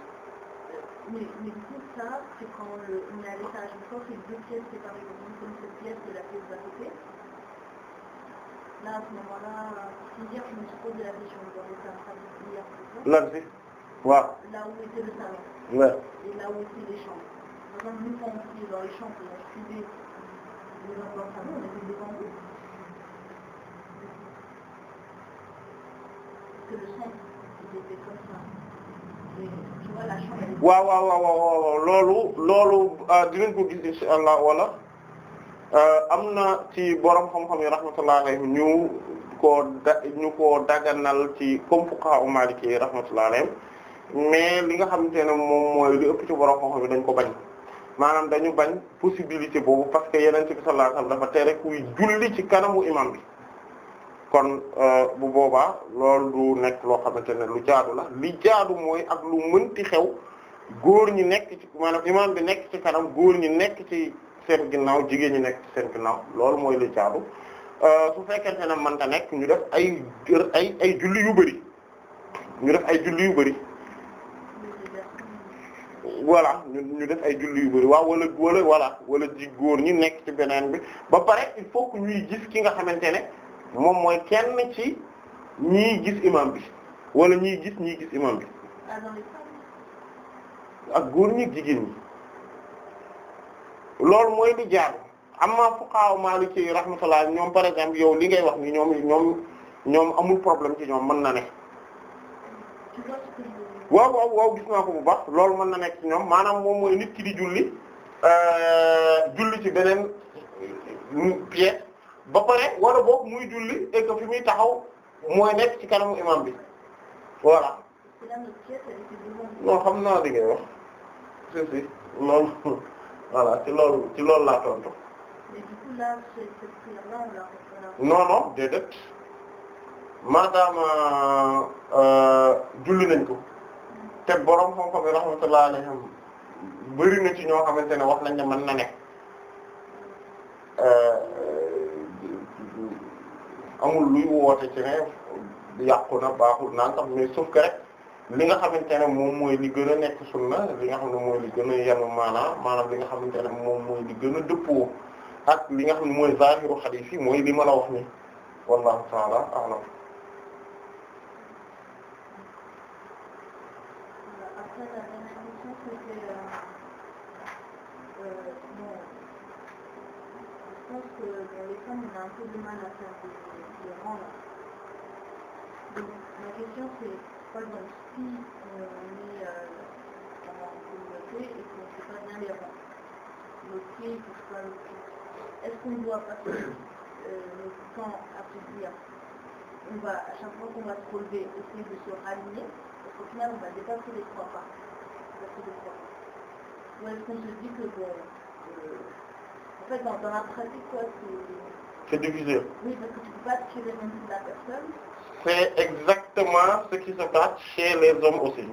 mais, mais du coup ça, c'est quand le, on est à l'étage, une fois c'est deux pièces séparées, donc comme cette pièce et la pièce d'à côté. Là, à ce moment-là, prière, je me suis posé la question, je dois rester en train de prier. Là, c'est waaw. là où était le salon. Ouais. Et là où étaient les chambres. Par exemple, nous, quand on priait dans les chambres, on suivait waaw waaw waaw loolu loolu ah, dinañ ko gis insha allah wala ah, am na ci borom xam-xam yi rahmatullah alayhim ñu koo daganal ci comme fuqaha u maliki yi rahmatullah li nga xamante ne moom mooy li ëpp ci borom xam-xam dañ ko bañ maanaam dañu bañ possibilité boobu parce que yeneen ci sallallahu alayhi wasallam dafa tere kuy julli ci kanamu imam bi kon euh, bu boobaa loolu du nekk loo xamante ne lu jaadu la li jaadu mooy ak lu mënti xew góor ñi nekk ci maanaam imam bi nekk ci kanam góor ñi nekk ci seen ginnaaw jigéen ñi nekk ci seen ginnaaw loolu mooy lu jaadu euh, su fekkente ne mënta nekk ñu def ay ay ay julli yu bari ñu def ay julli yu bari voilà ñu def ay julli yu bëri waaw wala wala voilà wala ji góor ñi nekk ci beneen bi ba pare il faut que ñuy gis ki nga xamante ne moom mooy kenn ci ñii gis imam bi wala ñii gis ñii gis imam bi ak góor ñi jigéen ñi loolu mooy li jaar amma fuqaha maliki rahmatullah ñoom par exemple yow li ngay wax ni ñoom ñoom ñoom amul problème ci ñoom mën na ne waaw waaw waaw gis naa ko bu baax loolu mën na nekk ci ñoom maanaam moom mooy nit ki di julli euh, julli ci beneen euh, pièce ba pare wala boog muy julli et que fi muy taxaw mooy nekk ci kanamu imam bi voilà non xam naa li ngay wax si si loolu [LAUGHS] voilà ci loolu ci loolu laa tontu non non déedéet maadaama euh, julli nañ ko te borom xam-xam yi rahmatullahi alayhim bëri na ci ñoo xamante ne wax nañ ne mën na ne euh, amul luy woote ci ne yàqu na baaxul naan sax mais sauf que rek li nga xamante ne moom mooy li gën a nekk sunna li nga xam ne mooy li gën a yanu maanaam maanaam li nga xamante ne moom mooy li gën a dëppoo ak li nga xam ne mooy zaahiru xadiis yi mooy li ma la wax ni wallahu taala a'lam on a un peu de mal à faire des, des Donc la question c'est, par exemple, si on est communauté et qu'on ne les rangs, l'autre pied ne touche est-ce qu'on doit passer euh, notre temps dire, on va, chaque fois qu'on va se relever, essayer de se rallier, parce qu'au final on va dépasser Ou est-ce se dit que bon, euh, en fait, dans, quoi, c'est c'est difficile. Oui, parce que tu peux pas tuer les exactement ce qui se passe chez les hommes aussi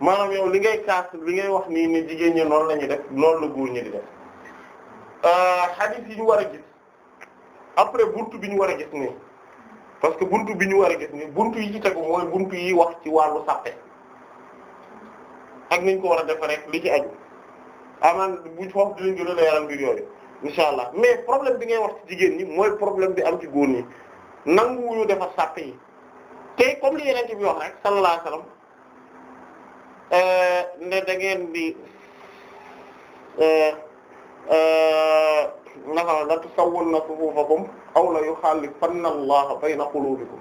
maanaam yow li ngay kaas li ngay wax nii ni jigéen ñi noonu la def noonu la góor ñi di def euh, hadith yi ñu war a gis après buntu bi ñu war a gis nii parce que bunt bi ñu war a gis nii buntu yi ci tegu mooy bunt yi wax ci wàllu sàppe ak niñ ko war a defe rek li ci aju amaan buñ foofu dinañ gën a leeral mbir yooyu incha allah mais problème bi ngay wax ci jigéen ñi mooy problème bi am ci góor ñi nanguwuñu defar sàpp yi te comme li yeneen bi wax rek sallallahu alayhi wasallam euh, ne da ngeen di euh, euh, naka la tusawwunna sufufakum aw la yukhalifanna Allah bayna qulubikum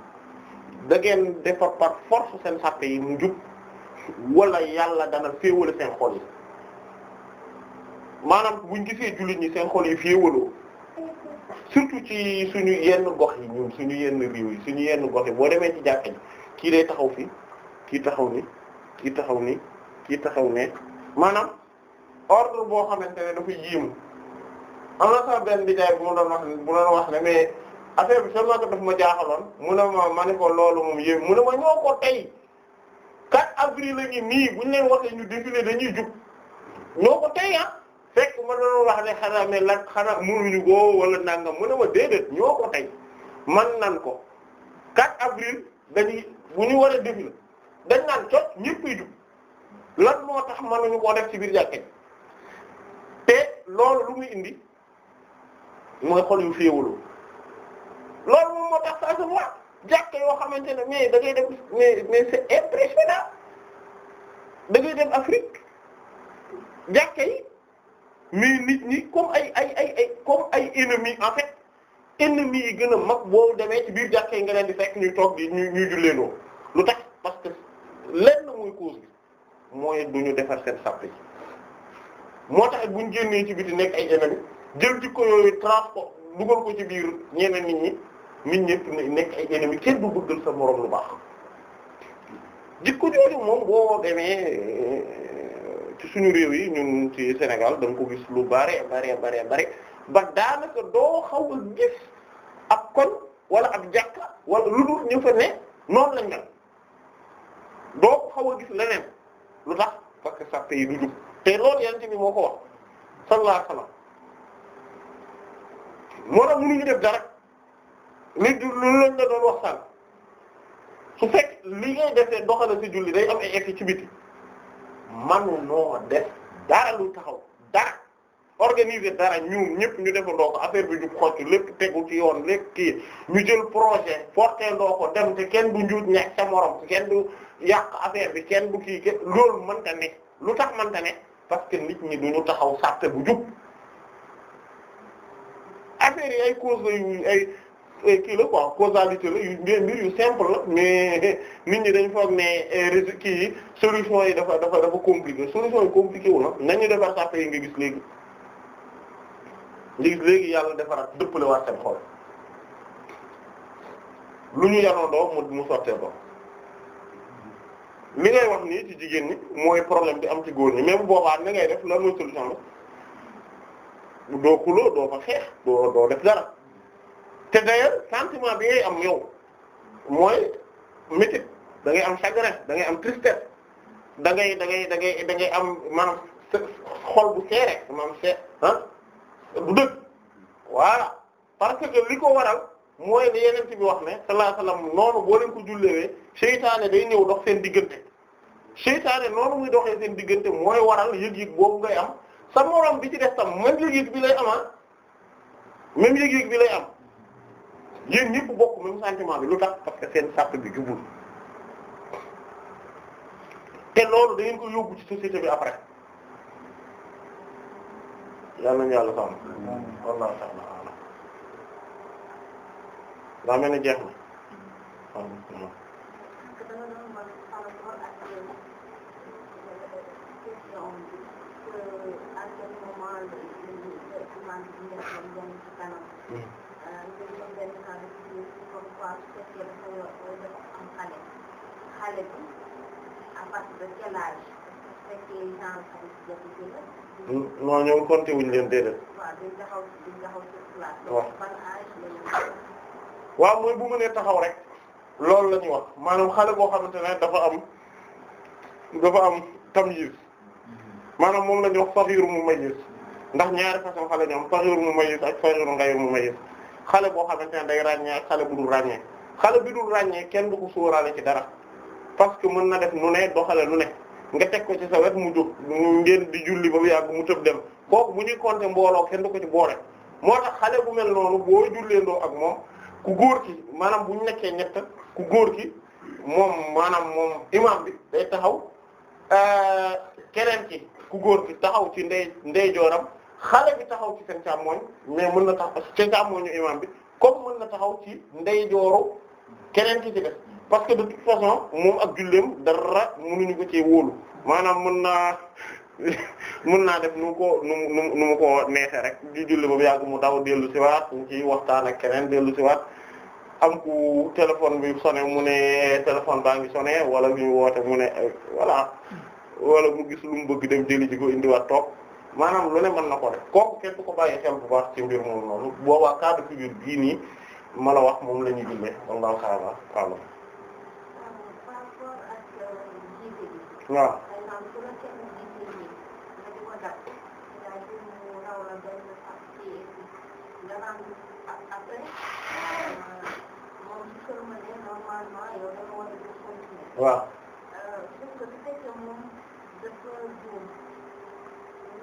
da ngeen defar par force seen sàpp yi mu jub wala yàlla dana féewale seen xol yi. maanaam buñ gisee jullit ñi seen xol yi féewaloo surtout ci suñu yenn gox yi ñun suñu yenn réew yi suñu yenn gox yi boo demee ci jàkka ji kii day taxaw fii kii taxaw ni kii taxaw ni kii taxaw ne maanaam ordre boo xamante ne dafay na sax benn dijaay bu mu doon wax bu doon wax ne mais affaire bi seulement daf ma jaaxaloon mu ne ma ne ko loolu moom yéen mu ne ma ñoo ko tey 4 avril la ñu nii buñ leen waxee ñu défilé dañuy jug ñoo ko tey ah fekk ma doon wax ne xanaa mais lan xanaa wala nangam mën na ma déedéet ñoo ko tey man nan ko 4 avril dañuy bu ñu war a défilé dañ naan jot ñëpp a jug lan moo tax mënuñu koo def ci biir jàkkee te loolu lu mu indi mooy xol yu féewuloo loolu moom moo tax saa su ma yoo xamante ne mais dagay def mais mais c'est impressionnant da ngay dem Afrique jàkkee yi. mais nit ñi comme ay ay ay ay comme ay ennemis en fait ennemis yi gën a mag boo demee ci biir jàkkee nga leen di fekk ñuy toog di ñuy ñuy julleendoo lu tax parce que lenn muy cause bi mooy du ñu defar seen moo tax buñ génnee ci biti nekk ay ennemis jël ci ko yooyu transport dugal ko ci biir ñeneen nit ñi nit ñëpp nekk ay ennemis kenn du bëggal sa moroom lu baax jikko jooju moom boo demee. ci suñu réew yi ñun ci Sénégal da ko gis lu bare bare bare bare ba daanaka doo xaw a gis ab koñ walla ab jàkka wala lu dul ñu fa ne noonu lañ mel doo xaw a gis leneen lu tax parce que sàppe yi du jub te loolu yonent bi moo ko wax sallallahu alayhi wasallam moo tax mënuñu def dara li lu lañ la doon wax sànq su fekk li ngay defee a ci julli day am ay ci biti manu noo def dara lu taxaw dara organiser dara ñun ñëpp ñu defandoo ko affaire bi du xocc lépp tegu ci yoon lépp kii ñu jël projet porté ndoo ko dem te kenn du njuut ñax sa morom kenn du yàq affaire bi kenn du kii kenn loolu mënta lu tax mënta ne parce que nit ñi duñu taxaw sàrte bu jub affaire yi ay cause ay Euh, kii la quoi causalité la yu mbir yu simple la mais [LAUGHS] nit ñi dañ foog ne euh, rési kii yi solution yi dafa dafa dafa compliqué solution yi compliqué wu na nañu defar sàppe yi nga gis léegi nga gis léegi yàlla defaraat dëppale waat seen xol lu ñu yanoo doo mu mu sottee ko li ngay wax nii ci jigéen ñi mooy problème bi am ci góor ñi même boobaat na ngay def lan mooy solution la doo xuloo doo fa xeex doo def dara te d'ailleurs sentiment bi ngay am yow mooy métit da am chagrin da ngay am tristesse da ngay da ngay da ngay da am man xol bu seere maanaam see ah du dëgg voilà parce que li ko waral mooy li yeneen bi wax ne sallallahu alayhi wasallam noonu boo leen ko julleewee seytaane day ñëw dox seen diggante seytaane noonu muy doxee seen diggante mooy waral yëg-yëg boobu ngay am sa moroom bi ci def tam même yëg-yëg bi lay ama ah. même yëg-yëg bi lay am yéen ñëpp bokk même sentiment bi lu tax parce que seen sàpp bi jubul te loolu da ngeen ko yóbbu ci société bi après yal nañu yàlla sàmm wallahu ta'ala a'lam daa na waaw dañu am comme quoi wuñ leen déedéet. waaw duñ mooy bu mënee taxaw rek. loolu la ñuy wax maanaam xale boo xamante ne dafa am dafa am tamyiz maanaam moom la ñuy wax saxiiru mumayyiz ndax ñaari façon xale ñu am saxiiru mumayyiz ak saxiiru ghayru mumayyiz xale boo xamante ne day ràññee xale bu dul ràññee xale bi dul ràññee kenn du ko sóoraale ci dara parce que mën na def nu ne doxale nu ne nga teg ko ci sa wet mu jóg ngeen di julli ba mu yàgg mu tëb dem kooku bu ñuy compter mbooloo kenn du ko ci boole moo tax xale bu mel noonu boo julleendoo ak moom ku góor ki maanaam bu ñu nekkee ñett ku góor ki moom maanaam moom imam bi day taxaw euh, keneen ki ku góor ki taxaw ci ndey ndey jooram xale bi taxaw ci seen càmmooñ mais mun na taxaw ci càmmooñu imam bi comme mën na taxaw ci ndeyjooru keneen ki ci parce que de toute façon moom ak julleem dara mënuñu ko ci wóolu maanaam mën naa [LAUGHS] mën naa def nu ko nu mu nu mu ko neexee rek di julli ba mu yàgg mu daw dellu si waat mu ci waxtaan keneen dellu si waat am ku téléphone bi sonné mu ne téléphone baa ngi sone wala ñu woote mu ne voilà wala mu gis lu mu bëgg dem jëli ji indiwaat toog. maanaam lu ne mën na ko def kooku kenn du ko bàyyi xel bu baax ci mbir moom noonu boobaa cas de figure bii nii ma la wax moom la ñuy jullee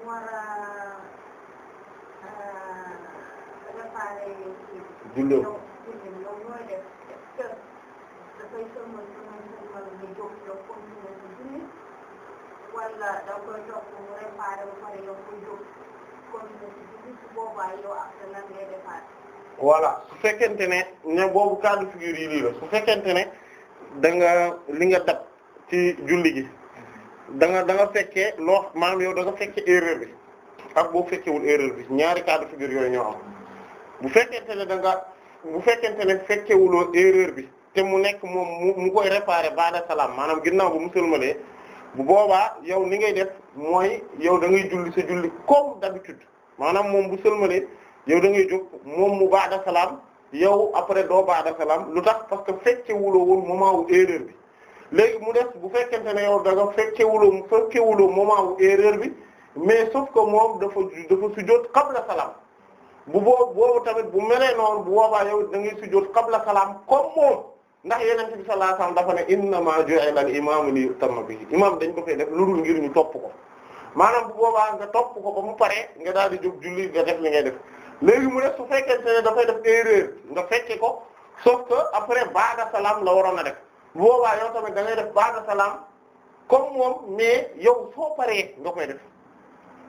julleem eh, voilà su fekkente ne ne boobu cas de figure yi lii la su fekkente ne da nga li nga dab ci julli gi da nga da nga fekkee loo maanaam yow da nga fekkee erreur bi ak boo fekkewul erreur bi ñaari cas de figure yooyu ñoo am bu fekkente ne da bu fekkente ne fekkewuloo erreur bi te mu nekk moom mu mu koy réparer baada salaam maanaam ginnaaw bu musulmalee bu boobaa yow ni ngay def mooy yow da ngay julli sa julli comme d'habitude maanaam moom bu sëlmalee yow da ngay jóg moom mu baada salaam yow après doo baada salaam lu tax parce que fekkewuloo woon moment wu erreur bi léegi mu def bu fekkee fekkente ne yow da nga fekkewuloo fekkewuloo moom wu erreur bi mais sauf que moom dafa dafa sujjóot qabla salaam bu boobu boobu tamit bu melee noonu bu boobaa yow da ngay sujjóot qabla salaam comme moom ndax yeneen yonent ne sallallahu alayhi wasallam ay ne innamaa ju'ila al-imaamu liyu'tamma bihi imaam dañ ko fay def lu dul ngir ñu topp ko maanaam bu boobaa nga topp ko ba mu pare nga daal di jóg julli nga def li ngay def léegi mu def su fekkente ne dafay def erreur nga fekke ko sauf que après ba'da salaam la a def. bu boobaa yow tamit da ngay def baada salaam comme moom mais yow foo pare nga koy def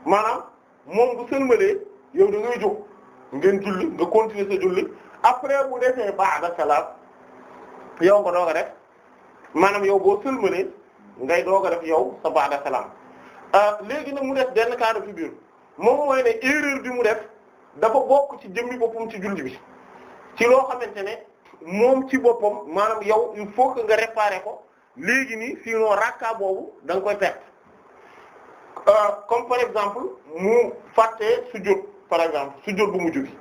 maanaam moom bu sëlmalee yow da ngay jóg ngeen julli nga continuer sa julli après bu defee baada salaam yow nga doog a def maanaam yow boo sëlmalee ngay doog a def yow sa baada salaam euh, léegi nag mu def benn cas de figure moom mooy ne erreur bi mu def dafa bokk ci jëmmi boppam ci julli bi ci loo xamante ne moom ci boppam maanaam yow il faut que nga réparer ko léegi nii sinon rakka boobu da nga koy perte euh, comme par exemple mu fàtte sujjóot par exemple sujjóot bu mujj bi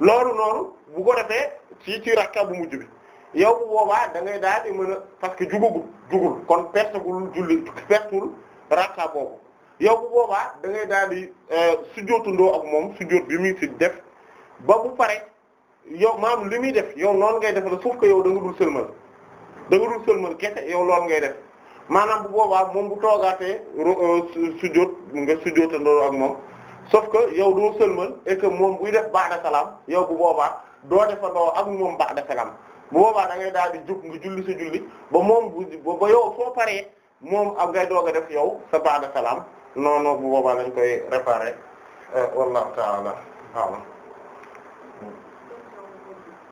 loolu noonu bu ko defee ci ci rakka bu mujj bi yow bu boobaa da ngay daal di mën a parce que jugagul jugul kon pertegul julli pertul rakka boobu yow bu boobaa da ngay daal di euh, sujjóotundoo ak moom sujjóot bi mu ci def ba bu pare yow maam li muy def yow noonu ngay def la sof ko yow da nga dul sëlmal da nga dul sëlmal kese yow loolu ngay def maanaam bu boobaa moom bu toogaatee euh, sujjóot nga sujjóotandoo ak moom sauf que yow doo sëlmal et moom buy def ba'da salaam yow bu boobaa doo defandoo ak moom ba'da salaam bu boobaa da ngay daal di jug nga julli sa julli ba moom ba yow soo paree moom ak ngay doog def yow sa ba'da salaam non bu boobaa lañ koy réparer euh, wallahu ta'ala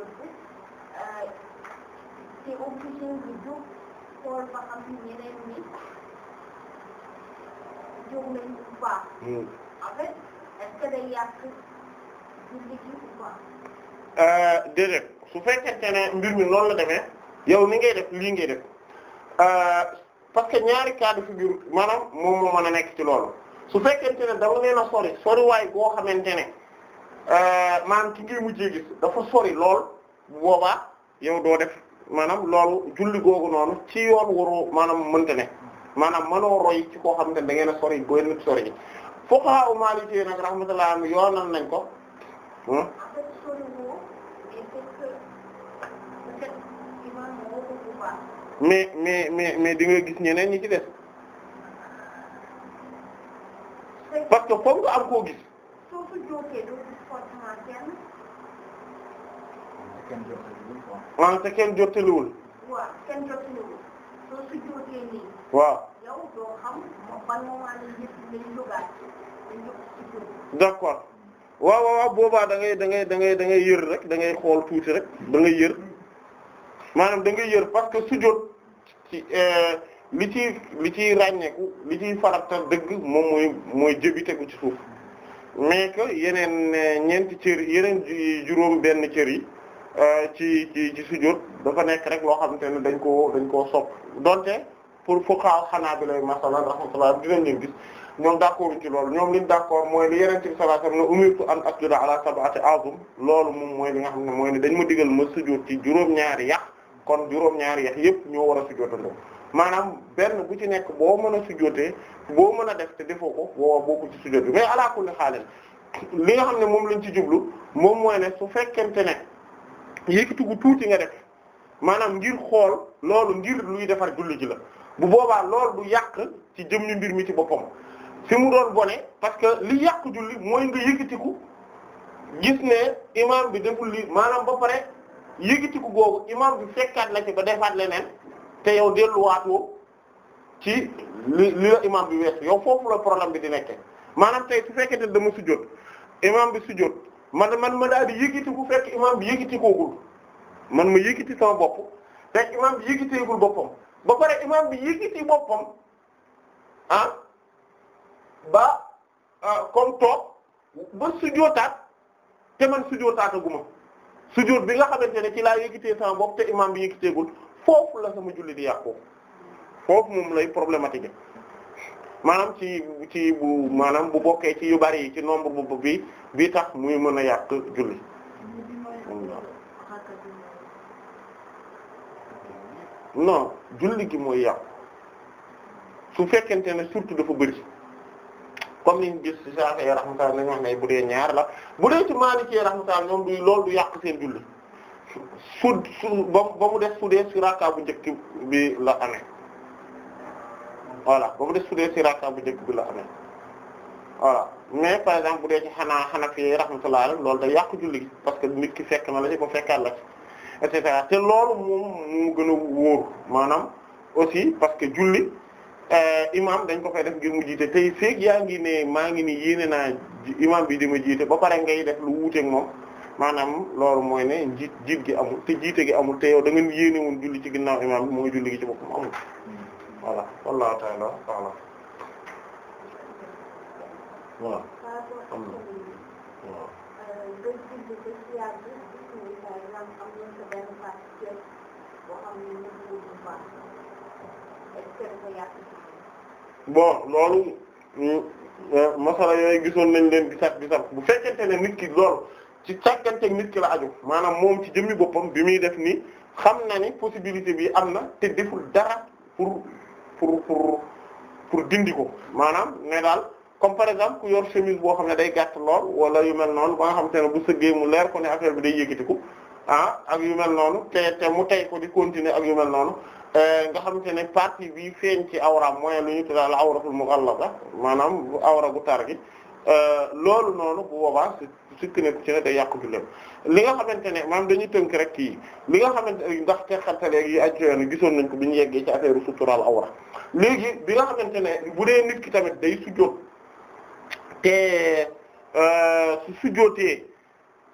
Euh, bi hmm. te option euh, su fekkente ne mbir mi noonu la demee yow ni ngay def lii ngay def euh, parce que ñaari kaa de figure maanaam moom moo a nekk ci loolu su fekkente ne da nga sori soriwaay boo xamante ne. Euh, maanaam ki ngay mujjee gis dafa sori lool boobaa yow doo def maanaam loolu julli googu noonu ci yoon waru maanaam mënta ne maanaam mënoo roy ci koo xam ne da ngeen a sori gën a sori fuqaha Maliki nag rahmatullah am yoonal nañ ko. Hmm? mais mais mais mais di nga gis ñeneen ñi ci def parce que foog nga am koo gis. ah te kenn jottaliwul. waaw kenn jottaliwul soo si waaw waaw waaw boobaa da ngay da da ngay da yër rek da ngay xool tuuti rek da yër maanaam da ngay yër parce que sujjóot ci euh, li ci li ciy ràññeeku li ciy farata dëgg moom mooy mooy tegu ci suuf mais yeneen euh, ñeenti cër yeneen juróom benn cër yi Euh, ci ci ci sujjóot dafa nekk rek loo xamante ne dañ koo dañ koo sopp donte pour fuqaha Hanabila masalan rahmatullah dinañ leen gis ñoom d'accord ci loolu ñoom liñ d'accord mooy li Yonent bi sallallahu alayhi wasallam ne umirtu an asjuda ala sab'ati azum loolu moom mooy li nga xam ne mooy ne dañ ma digal ma sujjóot ci juróom-ñaari yax kon juróom-ñaari yax yépp ñoo war a sujjóotandoo maanaam benn bu ci nekk boo mën a sujjóotee boo mën a def te defoo ko boo bokku bi mais ala kulli xaalis li nga xam ne moom lañ ci jublu moom mooy ne su fekkente ne yëkkati gu tuuti nga def maanaam ngir xool loolu ngir luy defar julli ji la bu boobaa loolu du yàq ci jëmmi mbir mi ci boppam fi mu doon bone parce que li yàq julli mooy nga yëkkatiku gis ne imaam bi deful lii maanaam ba pare yëkkatiku googu imaam bi fekkaat la ci ba defaat leneen te yow delluwaatoo ci li li la imaam bi weesu yow foofu la problème bi di nekke maanaam tey su fekkee te dama sujjóot imaam bi sujjóot man man ma daal di yëkkati bu fekk imaam bi yëkkati koogul man ma yëkkati sama bopp fekk imaam bi yëkkatiwul boppam ba pare imaam bi yëkkati boppam ah ba ah, comme toog ba sujootaat te man sujootaataguma sujoot bi nga xamante ne ci laa yëkkatee sama bopp te imaam bi yëkkateegul foofu la sama julli di yàqu foofu moom lay problématique maanaam ci ci bu maanaam bu bokkee ci yu bari yi ci nomb bu bi bi tax muy mën a yàq julli non julli gi mooy yàqu su fekkente ne surtout dafa bëri comme niñ gis ci Shafi'i rahmatullah nañu wax ne bu dee ñaar la bu dee ci Maliki rahmatullah ñoom du loolu yàq seen julli su su ba mu def su dee ci bu njëkk bi la amee voilà ba mu des su dee ci bu njëkk bi la amee voilà mais par exemple bu dee ci xanaa Hanafi yi rahmatullah alayhi loolu day yàqu julli parce que nit ki fekk na la ci ba fekkaat la ci et cetera te moom moo gën a wóor maanaam aussi parce que julli euh, imam dañ ko fay def ngir mu jiite tey feeg yaa ngi ne maa ngi nii yéene naa imam bi di ma jiite ba pare ngay def lu wuuteeg moom maanaam loolu mooy ne jiit jiit gi amul te jiite gi amul te yow da ngeen yéene woon julli ci ginnaaw imam bi mooy julli gi ci boppam amul voilà wallahu ta'ala a'lam waaw am na waaw loolu euh, masala yooyu gisoon nañ leen gisat gisat bu fekkente ne nit ki loolu ci càgganteeg nit ki la aju maanaam moom ci jëmmi boppam bi muy def nii xam na ni possibilité bi am na te deful dara pour pour pour pour dindi ko maanaam ne daal comme par exemple ku yor chemise boo xam ne day gàtt lool wala yu mel noonu ba nga xam te ne bu sëggee mu leer ko ne affaire bi day yëkkatiku ah ak yu mel noonu te te mu tey ko di continuer ak yu mel noonu eh, nga xam ne partie bi feeñ ci awraam mooy lu ñu tuddaa la awratul mughallaqa maanaam bu awra gu tar gi eh, loolu noonu bu boobaa sukk ne ci ne day yàqu julleem li nga xamante ne maanaam dañuy tënk rek kii li nga xamante ndax te teqanteleeg yi ajjoyoon gisoon nañ ko bi ñu yeggee ci affaire suturaal awra léegi bi nga xamante ne bu dee nit ki tamit day sujjóot te euh, su te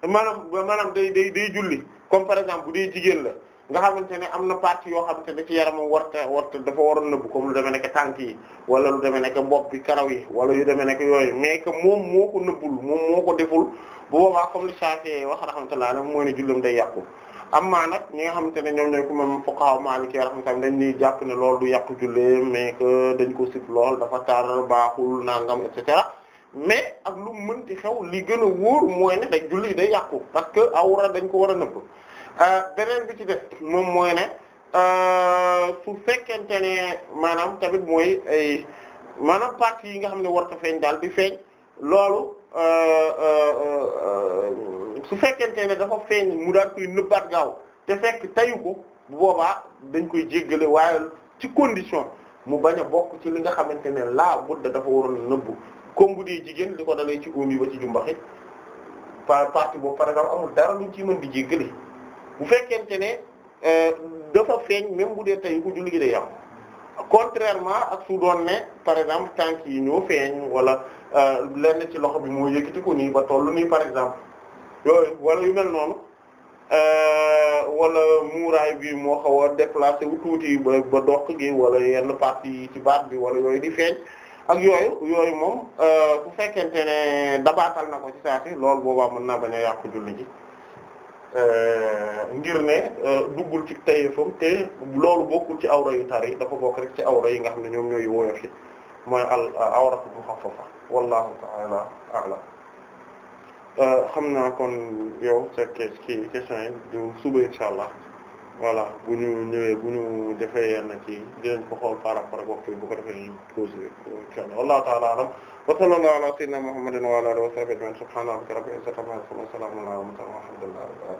maanaam maanaam day day day julli comme par exemple bu dee jigéen la nga xamante ne am na partie yoo xamante ne ci yaramam warta warta dafa waroon nëbb comme lu demee nekk tànk yi wala lu demee nekk bopp bi karaw yi wala yu demee nekk yooyu mais que moom moo ko nëbbul moom moo ko deful bu boobaa comme li Shafi'i wax rahmatullah na mooy ne jullam day yàqu amma nag ñi nga xamante ne ñoom ñooy ko moom fuqaha maliki rahmatullah dañ ni jàpp ne loolu du yàq jullee mais dañ ko sib lool dafa tar baaxul nangam et cetera mais ak lu mënti xew li gën a wóor mooy ne day julli day yàqu parce que awra dañ ko war a nëbb euh, beneen bi ci def moom mooy ne euh, su fekkente ne maanaam tamit mooy ay maanaam parties yi nga xam ne war feeñ daal di feeñ loolu euh, su fekkente ne dafa feeñ mu daal koy nëbbaat gaaw te fekk tayu ko bu boobaa dañ koy jéggale waaye ci condition mu bañ a bokk ci li nga xamante ne laa budda dafa waroon a nëbbu comme bu dee jigéen li ko dalee ci óom yi ba ci jumbaxi par partie boobu par exemple amul dara luñ ci mën di jéggale bu fekkente ne euh, dafa feeñ même bu dee tayu ko julli gi day yam contrairement ak su doon ne par exemple tànk yi ñoo feeñ wala euh, lenn ci loxo bi moo yëkkati ko nii ba tollu nii par exemple yooyu wala yu mel noonu euh, wala muuraay bi moo xaw a déplacé wu tuuti ba ba doq gi wala yenn partie yi ci baat bi wala yooyu di feeñ ak yooyu yooyu moom su euh, fekkente ne dabaatal na ko ci saati loolu boobaa mën naa bañ yàqu julli ji euh, ngir ne duggul ci tayeefam te loolu bokkul ci awra yu tar yi dafa bokk rek ci awra yi nga xam ne ñoom ñooy woyof yi mooy al awratu mukhaffafa wallahu ta'ala a'lam Euh, xam naa kon yow sa kii question yi du suba incha allah voilà bu ñu ñëwee bu ñu defee yenn kii dinañ ko xool par rapport ak waxtu bu ko defee ñu posé incha allah wallahu ta'ala alam wa sallallahu ala sayyidina muhammadin wa ala alihi wa sahbihi subhana rabbika rabbil izzati amma yasifun wa salamun ala al mursalin walhamdulillahi rabbil alamin